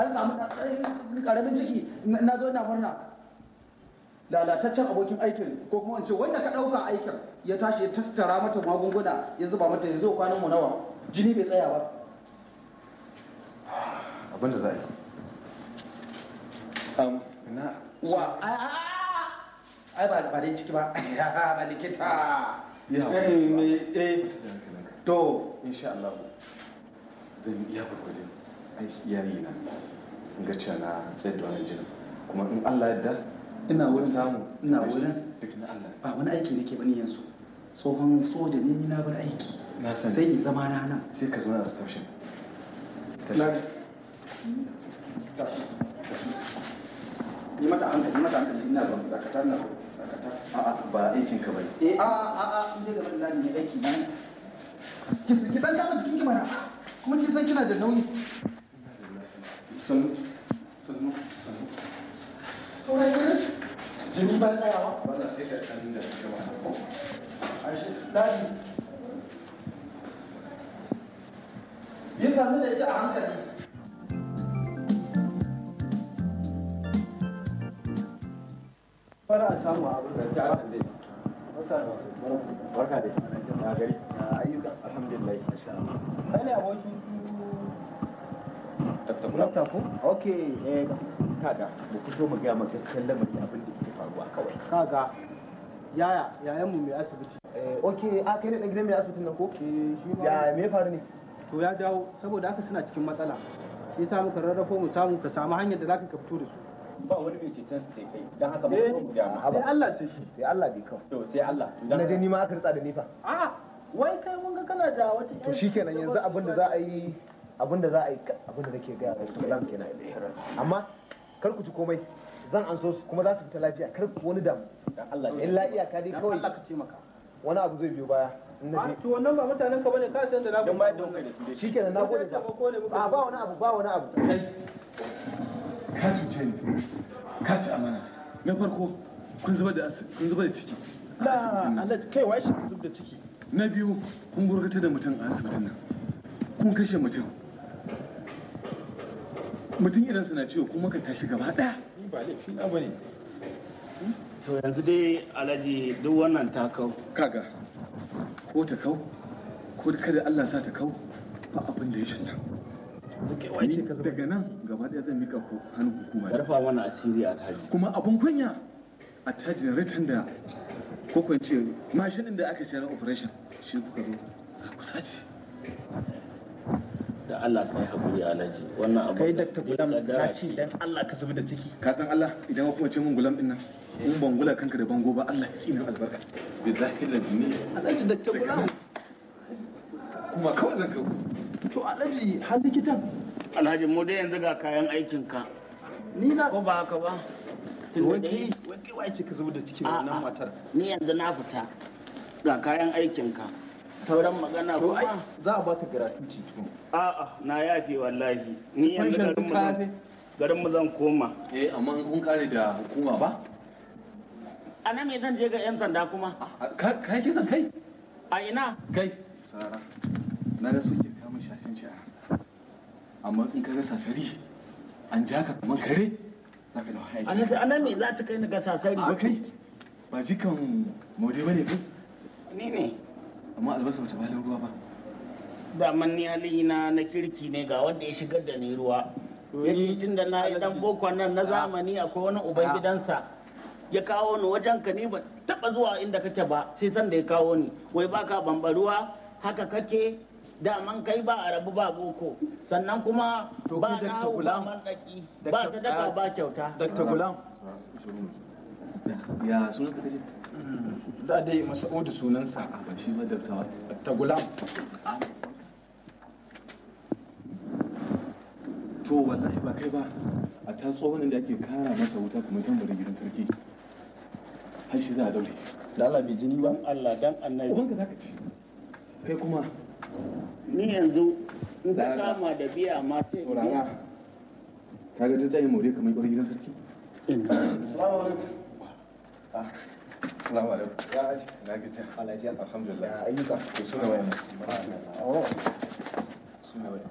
an samu karamin ciki na zo na murna lalataccen abokin aikin ko kuma in ce wanda ka ɗauka aikin ya tashi ya tattara mata magunguna ya zuba mata ya zo kwanan mu nawa jini bai tsaya ba abin da za a yi na wa ai ba dai ciki ba ba likita ya haƙuri eh, to sha Allah zan iya gurgurdin aiki iyali na na tsayar da wani jini kuma in Allah yadda ina wurin samu ina wurin duk na Allah ba wani aiki nake bani yanzu tsohon soja ne na bar aiki sai in zama na nan sai ka zo da reception yi mata hankali mata hankali ina zuwa dakatar na dakatar a'a ba aikin ka bane eh a'a a'a in da gaban lalini aiki na. ki san kama cikin kimara kuma ki san kina da nauyi sannu sannu jini ba ba na sai da kan da ke ba a shi dadi yin da ita a hankali fara samu abin da ta hankali barka da na gari ayyuka alhamdulillah insha Allah ne eh, kaga, mu fito mu maka abin da faruwa kawai. Kaga, yaya, yayan mu mai asibiti. Eh, ok, a kai ne dan gidan mai asibitin nan ko? Eh, ya me faru ne? To ya dawo saboda haka suna cikin matsala. Shi samu ka rarrafo mu samu ka samu hanyar da zaka ka fito da su. ba wani mai ceton su sai kai don haka ba mu eh, biya ma? sai Allah ce shi sai Allah dai kawai to sai Allah na je ni ma aka ritsa da ni fa a'a wai kai mun ga kana da wata to shikenan yanzu abin da za a yi abin da za a yi abin da nake ga Islam kenan amma kar ku ci komai zan anso su kuma za su fita lafiya kar ku wani damu dan Allah illa iyaka dai kawai Allah ka ce maka wani abu zai biyo baya ah, to wannan ba mutanen ka bane ka san da na gode shikenan na gode ba ba wani abu ba wani abu ka cuce ni ka ci amana na farko kun zuba da kun zuba da ciki Allah kai wai shi kun zuba da ciki na biyu kun gurgata da mutum a asibitin nan kun kashe mutum mutum idan suna ciwo kuma ka tashi gaba daya ni ba laifi na bane to yanzu dai alhaji duk wannan ta kau kaga ko ta kau ko kada Allah sa ta kau ba abin da ya shanta daga nan gaba ɗaya zan mika hannu hukuma karfa mana asiri a taji kuma abun kunya a tajin ritan da ko kwance mashinin da aka sayar operation shi kuka zo ku sace da Allah ka yi haƙuri alaji wannan abu kai dakta gulam na ce dan Allah ka zubi da ciki ka san Allah idan kuma ce mun gulam din nan in ban gula kanka da bango ba Allah ya tsina albarka billahi lazi alaji dakta gulam kuma kawai zan kawo to alhaji har likitan alhaji mu dai yanzu ga kayan aikin ka ni na ko ba haka ba wai wai ce ka zo da cikin wannan matar ni yanzu na fita ga kayan aikin ka sauran magana ko ai za a baka gratuity to a'a na yafe wallahi ni yanzu garin mu garin mu zan koma eh amma kun kare da hukuma ba a nan me zan je ga yan sanda kuma kai kisan kai a ina kai sara na da suke amma in ka ga sari an ja ka kamar kare za ka dawo hayaji a nan me za ta kai ni ga sasari ba kai ba jikan maude ba ne kai ni ne amma albasa ba ta bada ruwa ba daman ni na na kirki ne ga wanda ya shigar da ni ruwa ya tun da na idan bokon nan na zamani akwai wani uban gidansa ya kawo ni wajen ka ni ba taba zuwa inda kake ba sai san da ya kawo ni wai baka bambaruwa haka kake Da man kai ba a rabu ba boko sannan kuma ba na hau ba mandaki ba ta daga ah, ba kyauta dr gulam ya sun ka kace da dai masa'udu sunansa a ah, bashi ma dr gulam to wallahi ba kai ba a ta tsohonin da ake kara masa wuta kuma tambarin gidan sarki har shi za a daure da Allah bai jini ba Allah dan annabi ubanka ka ci kai kuma ni yanzu in ka kama da biya ma sai biya ka ga ta tsaye more kamar kwarar gidan sarki assalamu alaikum ah, alaikum. ya aji na ga ta alaji alhamdulillah ya ayyuka ke suna wayan suna wayan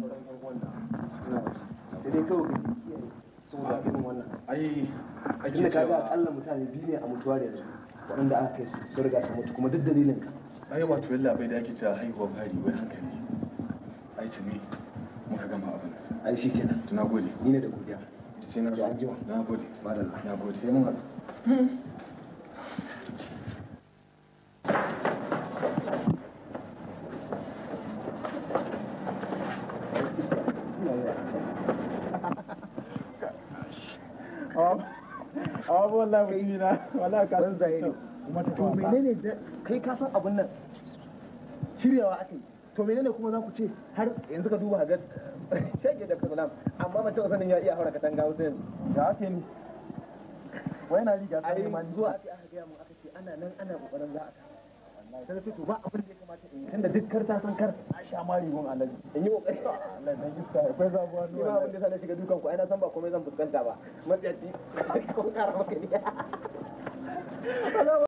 sai dai kawai ka kiyaye saboda irin wannan ai ake ka ga mutane biyu ne a mutuwa da yanzu waɗanda aka kai su sun riga su mutu kuma duk dalilin ka ai wato yalla bai da ake cewa haihuwa fari wai hankali ai tuni muka gama abin ai shi kenan to na gode ni ne da godiya na na gode madalla na gode sai mun haɗu a wallahi ba imina wallahi ka san zahiri to menene kai ka san abun nan shiryawa ake to menene kuma za ku ce har yanzu ka duba ga shege da kasalam amma ban taɓa sanin ya iya haura katanga wasu yanzu da ake ni wai na riga sai man zuwa ake aka gaya mun aka ce ana nan ana kokarin za a sai na fito ba abin da ya kamata in tunda duk kar ta san kar a sha ma rigon alaji in yi kokari Allah dan akwai ni ba abin da sai shiga dukan ku ai na san ba komai zan fuskanta ba matsayi ko kara maka ne